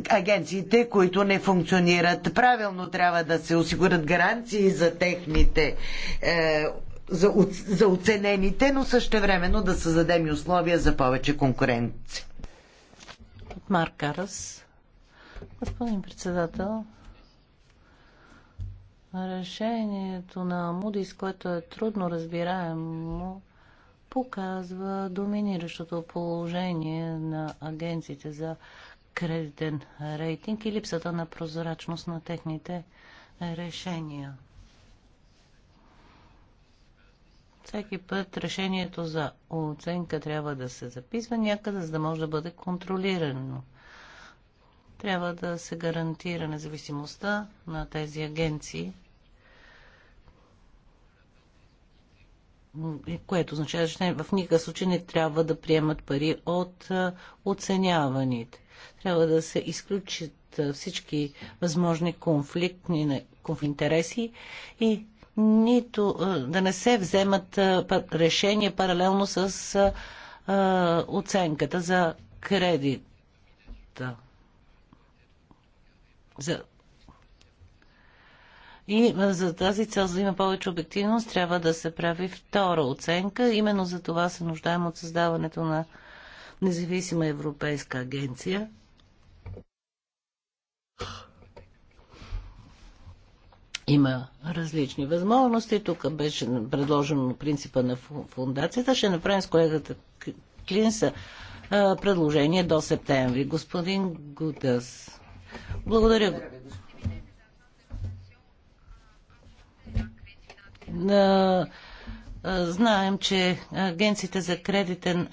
агенциите, които не функционират правилно. Трябва да се осигурят гаранции за техните за, за оценените, но също времено да създадем и условия за повече конкуренция. Марк Карас. Господин председател, Решението на Мудис, което е трудно разбираемо, показва доминиращото положение на агенциите за кредитен рейтинг и липсата на прозрачност на техните решения. Всеки път решението за оценка трябва да се записва някъде, за да може да бъде контролирано. Трябва да се гарантира независимостта на тези агенции което означава, че в никакъв случай не трябва да приемат пари от оценяваните. Трябва да се изключат всички възможни конфликтни интереси и нито да не се вземат решения паралелно с оценката за кредита. За и за тази цел, за да има повече обективност, трябва да се прави втора оценка. Именно за това се нуждаем от създаването на независима европейска агенция. Има различни възможности. Тук беше предложено принципа на фундацията. Ще направим с колегата Клинса предложение до септември. Господин Гудас. Благодаря. Знаем, че агенциите за кредитен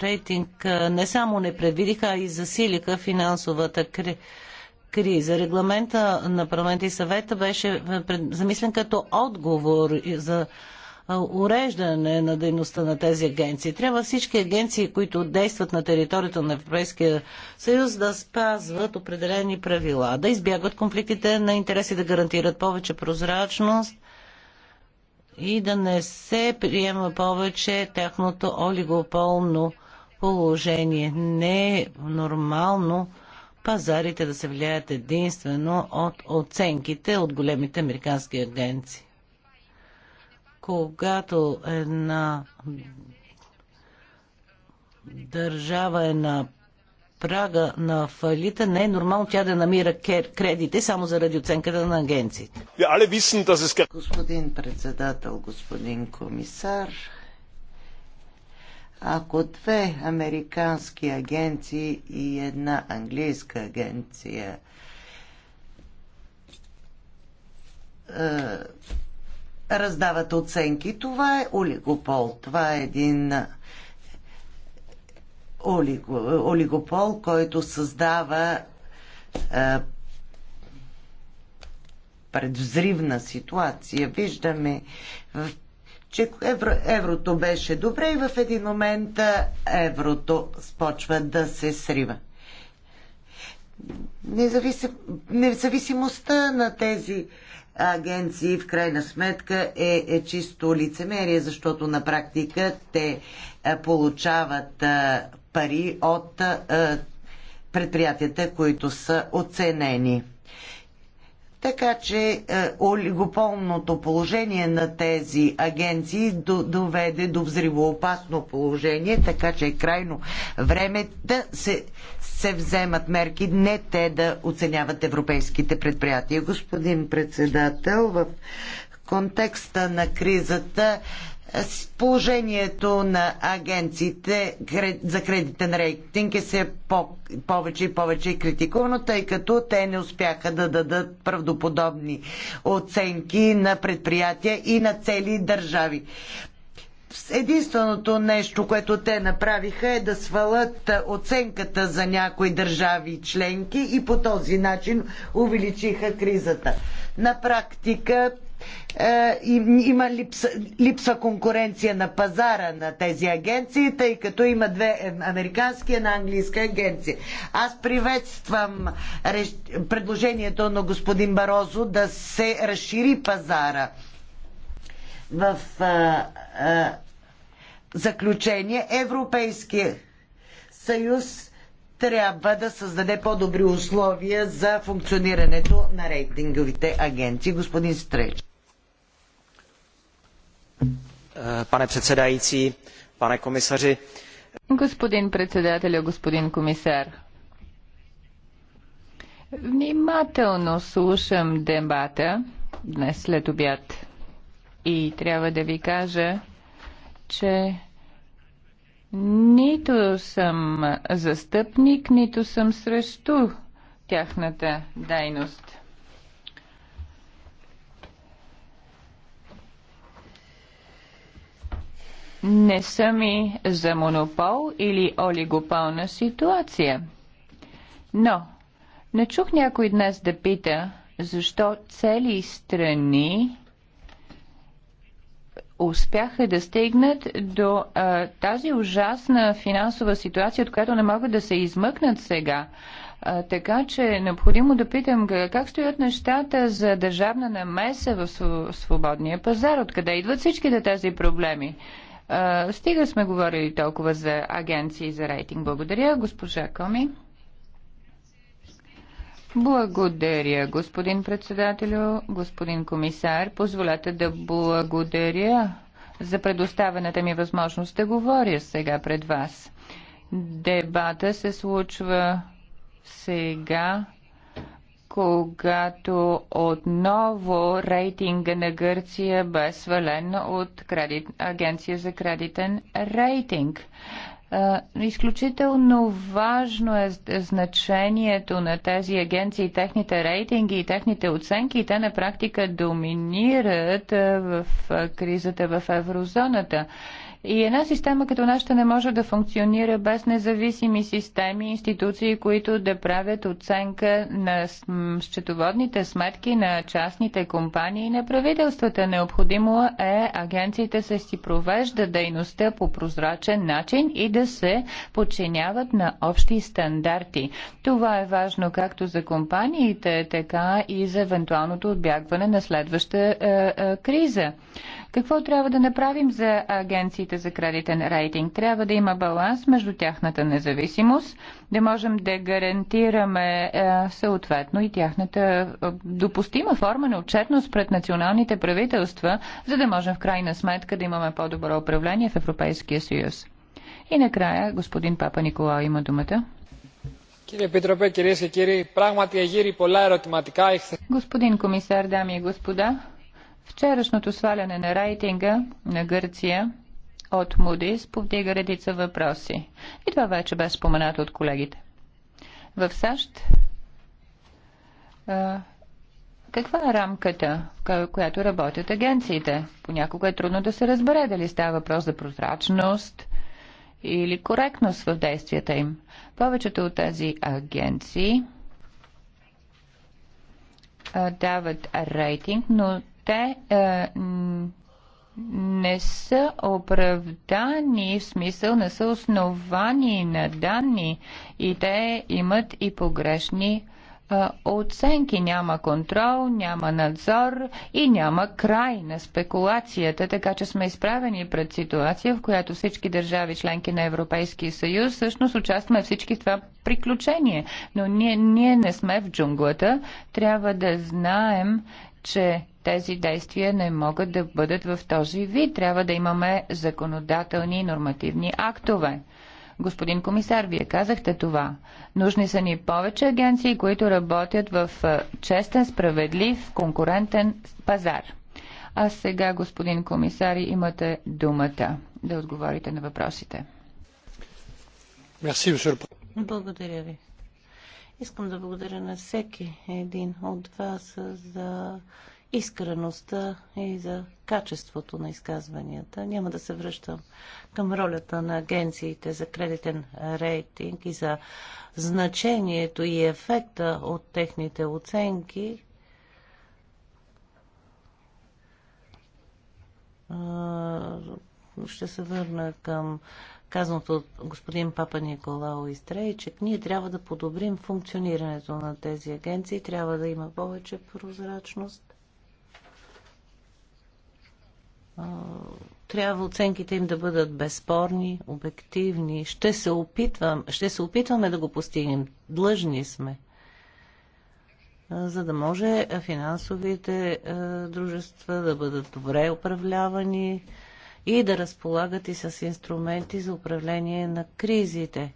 рейтинг не само не предвидиха, а и засилиха финансовата криза криза. Регламента на парламента и съвета беше замислен като отговор за уреждане на дейността на тези агенции. Трябва всички агенции, които действат на територията на Европейския съюз, да спазват определени правила, да избягват конфликтите на интереси, да гарантират повече прозрачност и да не се приема повече тяхното олигополно положение. Не е нормално пазарите да се влияят единствено от оценките от големите американски агенции. Когато една държава е на прага на фалита, не е нормално тя да намира кредити само заради оценката на агенциите. Е, господин председател, господин комисар, ако две американски агенции и една английска агенция е, раздават оценки, това е олигопол. Това е един олигопол, който създава е, предвзривна ситуация. Виждаме, че евро, еврото беше добре и в един момент е, еврото спочва да се срива. Независим, независимостта на тези агенции в крайна сметка е, е чисто лицемерие, защото на практика те е, получават пари от е, предприятията, които са оценени. Така че е, олигополното положение на тези агенции доведе до взривоопасно положение, така че е крайно време да се, се вземат мерки, не те да оценяват европейските предприятия. Господин председател, в контекста на кризата положението на агенциите за кредитен рейтинг е все по- повече и повече критикувано, тъй като те не успяха да дадат правдоподобни оценки на предприятия и на цели държави. Единственото нещо, което те направиха е да свалят оценката за някои държави членки и по този начин увеличиха кризата. На практика е, има липса, липсва конкуренция на пазара на тези агенции, тъй като има две е, американски и една английска агенция. Аз приветствам предложението на господин Барозо да се разшири пазара в а, е, а, заключение Европейския съюз трябва да създаде по-добри условия за функционирането на рейтинговите агенции. Господин Стреч. Пане председající, пане комисаři. Господин председател, господин комисар. Внимателно слушам дебата днес след обяд и трябва да ви кажа, че нито съм застъпник, нито съм срещу тяхната дейност. Не съм и за монопол или олигопална ситуация. Но не чух някой днес да пита, защо цели страни успяха да стигнат до а, тази ужасна финансова ситуация, от която не могат да се измъкнат сега. А, така че е необходимо да питам как стоят нещата за държавна намеса в свободния пазар, откъде идват всичките тези проблеми. А, стига сме говорили толкова за агенции за рейтинг. Благодаря, госпожа Коми. Благодаря, господин председателю, господин комисар. Позволете да благодаря за предоставената ми възможност да говоря сега пред вас. Дебата се случва сега, когато отново рейтинга на Гърция бе свален от кредит, Агенция за кредитен рейтинг. Изключително важно е значението на тези агенции, техните рейтинги и техните оценки. Те на практика доминират в кризата в еврозоната. И една система като нашата не може да функционира без независими системи, институции, които да правят оценка на счетоводните сметки на частните компании и на правителствата. Необходимо е агенциите се си провеждат дейността по прозрачен начин и да се подчиняват на общи стандарти. Това е важно както за компаниите, така и за евентуалното отбягване на следваща е, е, криза. Какво трябва да направим за агенциите за кредитен рейтинг? Трябва да има баланс между тяхната независимост, да можем да гарантираме е, съответно и тяхната е, допустима форма на отчетност пред националните правителства, за да можем в крайна сметка да имаме по-добро управление в Европейския съюз. И накрая господин Папа Николао има думата. Господин комисар, дами и господа, Вчерашното сваляне на рейтинга на Гърция от Мудис повдига редица въпроси. И това вече бе споменато от колегите. В САЩ каква е рамката, в която работят агенциите? Понякога е трудно да се разбере дали става въпрос за прозрачност или коректност в действията им. Повечето от тези агенции дават рейтинг, но те е, не са оправдани в смисъл, не са основани на данни и те имат и погрешни е, оценки. Няма контрол, няма надзор и няма край на спекулацията, така че сме изправени пред ситуация, в която всички държави, членки на Европейския съюз, всъщност участваме всички в това приключение. Но ние, ние не сме в джунглата. Трябва да знаем, че тези действия не могат да бъдат в този вид. Трябва да имаме законодателни и нормативни актове. Господин комисар, вие казахте това. Нужни са ни повече агенции, които работят в честен, справедлив, конкурентен пазар. А сега, господин комисар, имате думата да отговорите на въпросите. Благодаря ви. Искам да благодаря на всеки един от вас за искреността и за качеството на изказванията. Няма да се връщам към ролята на агенциите за кредитен рейтинг и за значението и ефекта от техните оценки. Ще се върна към казаното от господин Папа Николао че ние трябва да подобрим функционирането на тези агенции, трябва да има повече прозрачност трябва оценките им да бъдат безспорни, обективни. Ще се, опитвам, ще се опитваме да го постигнем. Длъжни сме. За да може финансовите дружества да бъдат добре управлявани и да разполагат и с инструменти за управление на кризите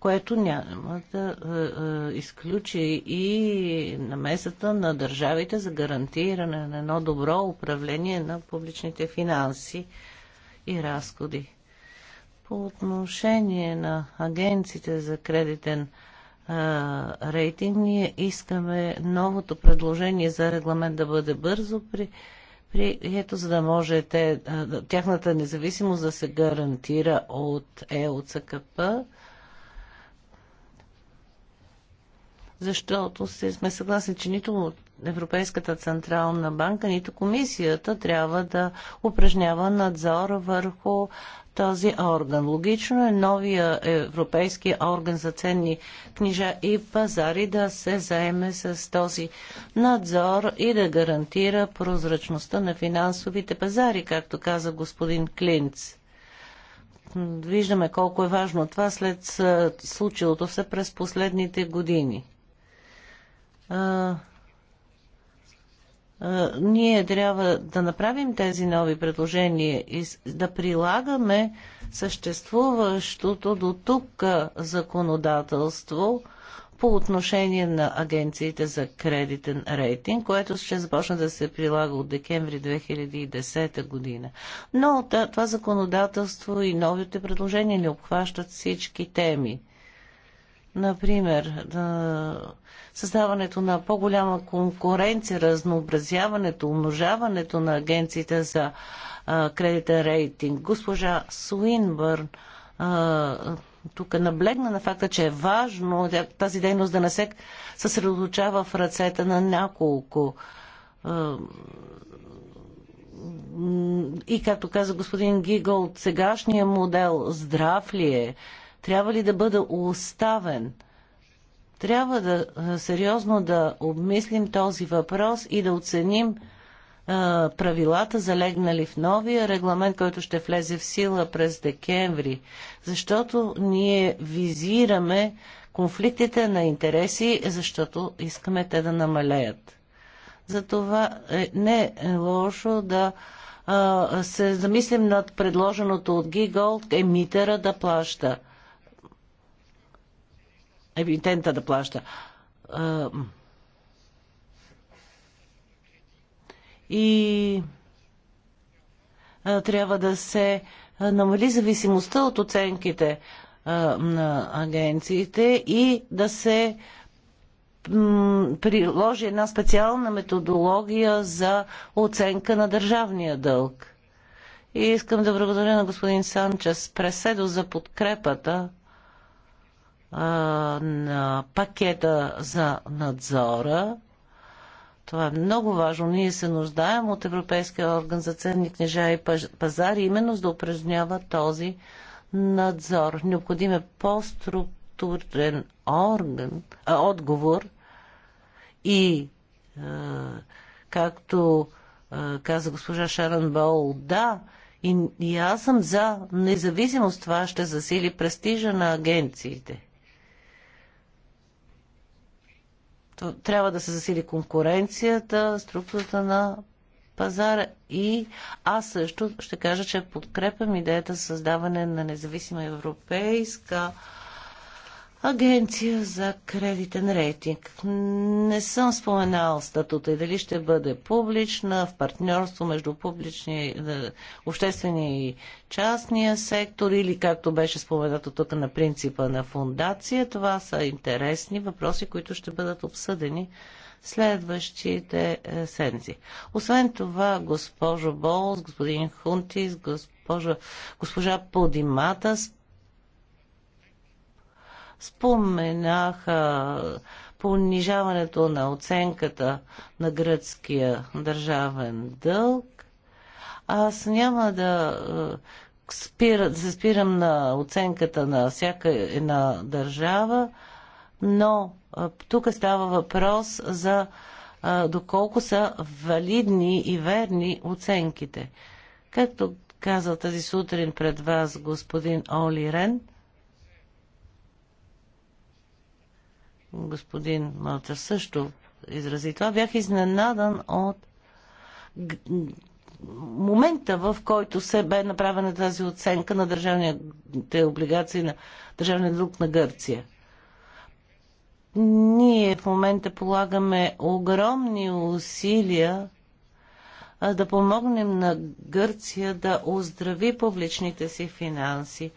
което няма да е, е, изключи и намесата на държавите за гарантиране на едно добро управление на публичните финанси и разходи. По отношение на агенците за кредитен е, рейтинг, ние искаме новото предложение за регламент да бъде бързо при, при ето, за да може те, е, тяхната независимост да се гарантира от ЕОЦКП. защото сме съгласни, че нито Европейската централна банка, нито комисията трябва да упражнява надзор върху този орган. Логично е новия европейски орган за ценни книжа и пазари да се заеме с този надзор и да гарантира прозрачността на финансовите пазари, както каза господин Клинц. Виждаме колко е важно това след случилото се през последните години а, а, ние трябва да направим тези нови предложения и да прилагаме съществуващото до тук законодателство по отношение на агенциите за кредитен рейтинг, което ще започне да се прилага от декември 2010 година. Но това законодателство и новите предложения не обхващат всички теми. Например, създаването на по-голяма конкуренция, разнообразяването, умножаването на агенциите за кредитен рейтинг. Госпожа Суинбърн тук наблегна на факта, че е важно тази дейност да не се съсредоточава в ръцете на няколко. И както каза господин Гигол, сегашния модел здрав ли е? трябва ли да бъде оставен? Трябва да сериозно да обмислим този въпрос и да оценим правилата, залегнали в новия регламент, който ще влезе в сила през декември. Защото ние визираме конфликтите на интереси, защото искаме те да намалеят. Затова е, не е лошо да се замислим над предложеното от Гиголд емитера да плаща емитента да плаща. И трябва да се намали зависимостта от оценките на агенциите и да се приложи една специална методология за оценка на държавния дълг. И искам да благодаря на господин Санчес Преседо за подкрепата на пакета за надзора. Това е много важно. Ние се нуждаем от Европейския орган за ценни книжа и пазари, именно за да упражнява този надзор. Необходим е по-структурен орган, а, отговор и е, както е, каза госпожа Шаран Бол, да, и, и аз съм за независимост. Това ще засили престижа на агенциите. трябва да се засили конкуренцията, структурата на пазара и аз също ще кажа, че подкрепям идеята за създаване на независима европейска Агенция за кредитен рейтинг. Не съм споменал статута и дали ще бъде публична, в партньорство между публичния, е, обществения и частния сектор или както беше споменато тук на принципа на фундация. Това са интересни въпроси, които ще бъдат обсъдени следващите е, сензи. Освен това, госпожо Болс, господин Хунтис, госпожа, госпожа Подимата споменаха понижаването на оценката на гръцкия държавен дълг. Аз няма да е, спира, се спирам на оценката на всяка една държава, но е, тук става въпрос за е, доколко са валидни и верни оценките. Както каза тази сутрин пред вас господин Оли Рен, господин Мълчер също изрази това, бях изненадан от момента, в който се бе направена тази оценка на държавните облигации на държавния друг на Гърция. Ние в момента полагаме огромни усилия да помогнем на Гърция да оздрави публичните си финанси.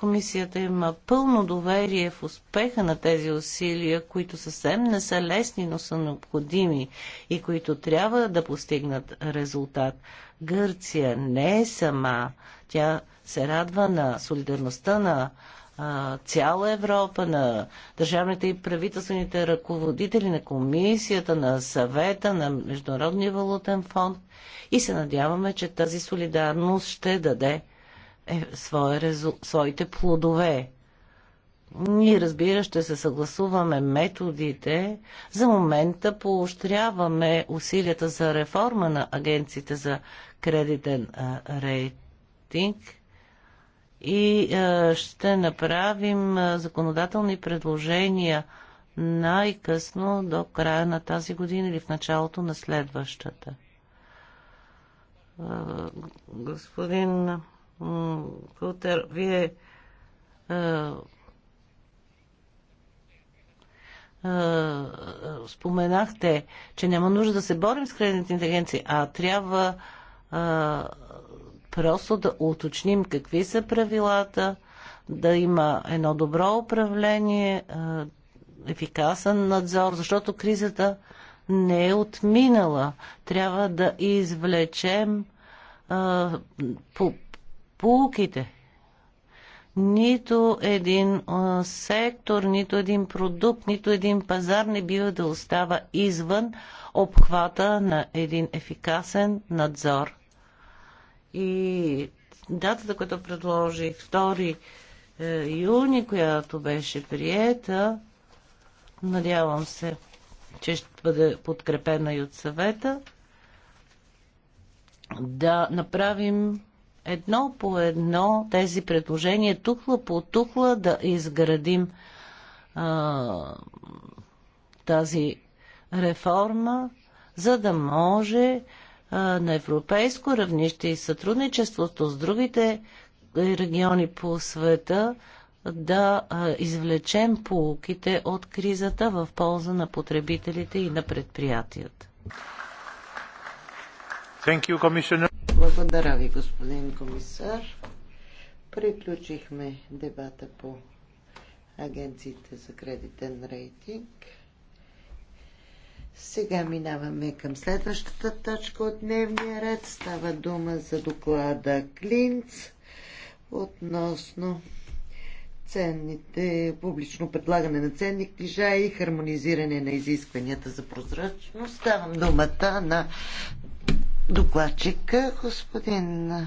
Комисията има пълно доверие в успеха на тези усилия, които съвсем не са лесни, но са необходими и които трябва да постигнат резултат. Гърция не е сама. Тя се радва на солидарността на цяла Европа, на държавните и правителствените ръководители, на комисията, на съвета, на Международния валутен фонд и се надяваме, че тази солидарност ще даде е, свое, своите плодове. Ние, разбира, ще се съгласуваме методите. За момента поощряваме усилията за реформа на агенциите за кредитен а, рейтинг и а, ще направим а, законодателни предложения най-късно до края на тази година или в началото на следващата. А, господин Хутер, вие споменахте, че няма нужда да се борим с кредитните интелигенции, а трябва просто да уточним какви са правилата, да има едно добро управление, ефикасен надзор, защото кризата не е отминала. Трябва да извлечем по полуките. Нито един сектор, нито един продукт, нито един пазар не бива да остава извън обхвата на един ефикасен надзор. И датата, която предложи 2 е, юни, която беше приета, надявам се, че ще бъде подкрепена и от съвета, да направим едно по едно тези предложения, тухла по тухла, да изградим а, тази реформа, за да може а, на европейско равнище и сътрудничеството с другите е, региони по света да а, извлечем полуките от кризата в полза на потребителите и на предприятията. Thank you, благодаря ви, господин комисар. Приключихме дебата по агенциите за кредитен рейтинг. Сега минаваме към следващата точка от дневния ред. Става дума за доклада Клинц относно ценните, публично предлагане на ценни книжа и хармонизиране на изискванията за прозрачност. Ставам думата на докладчика, господин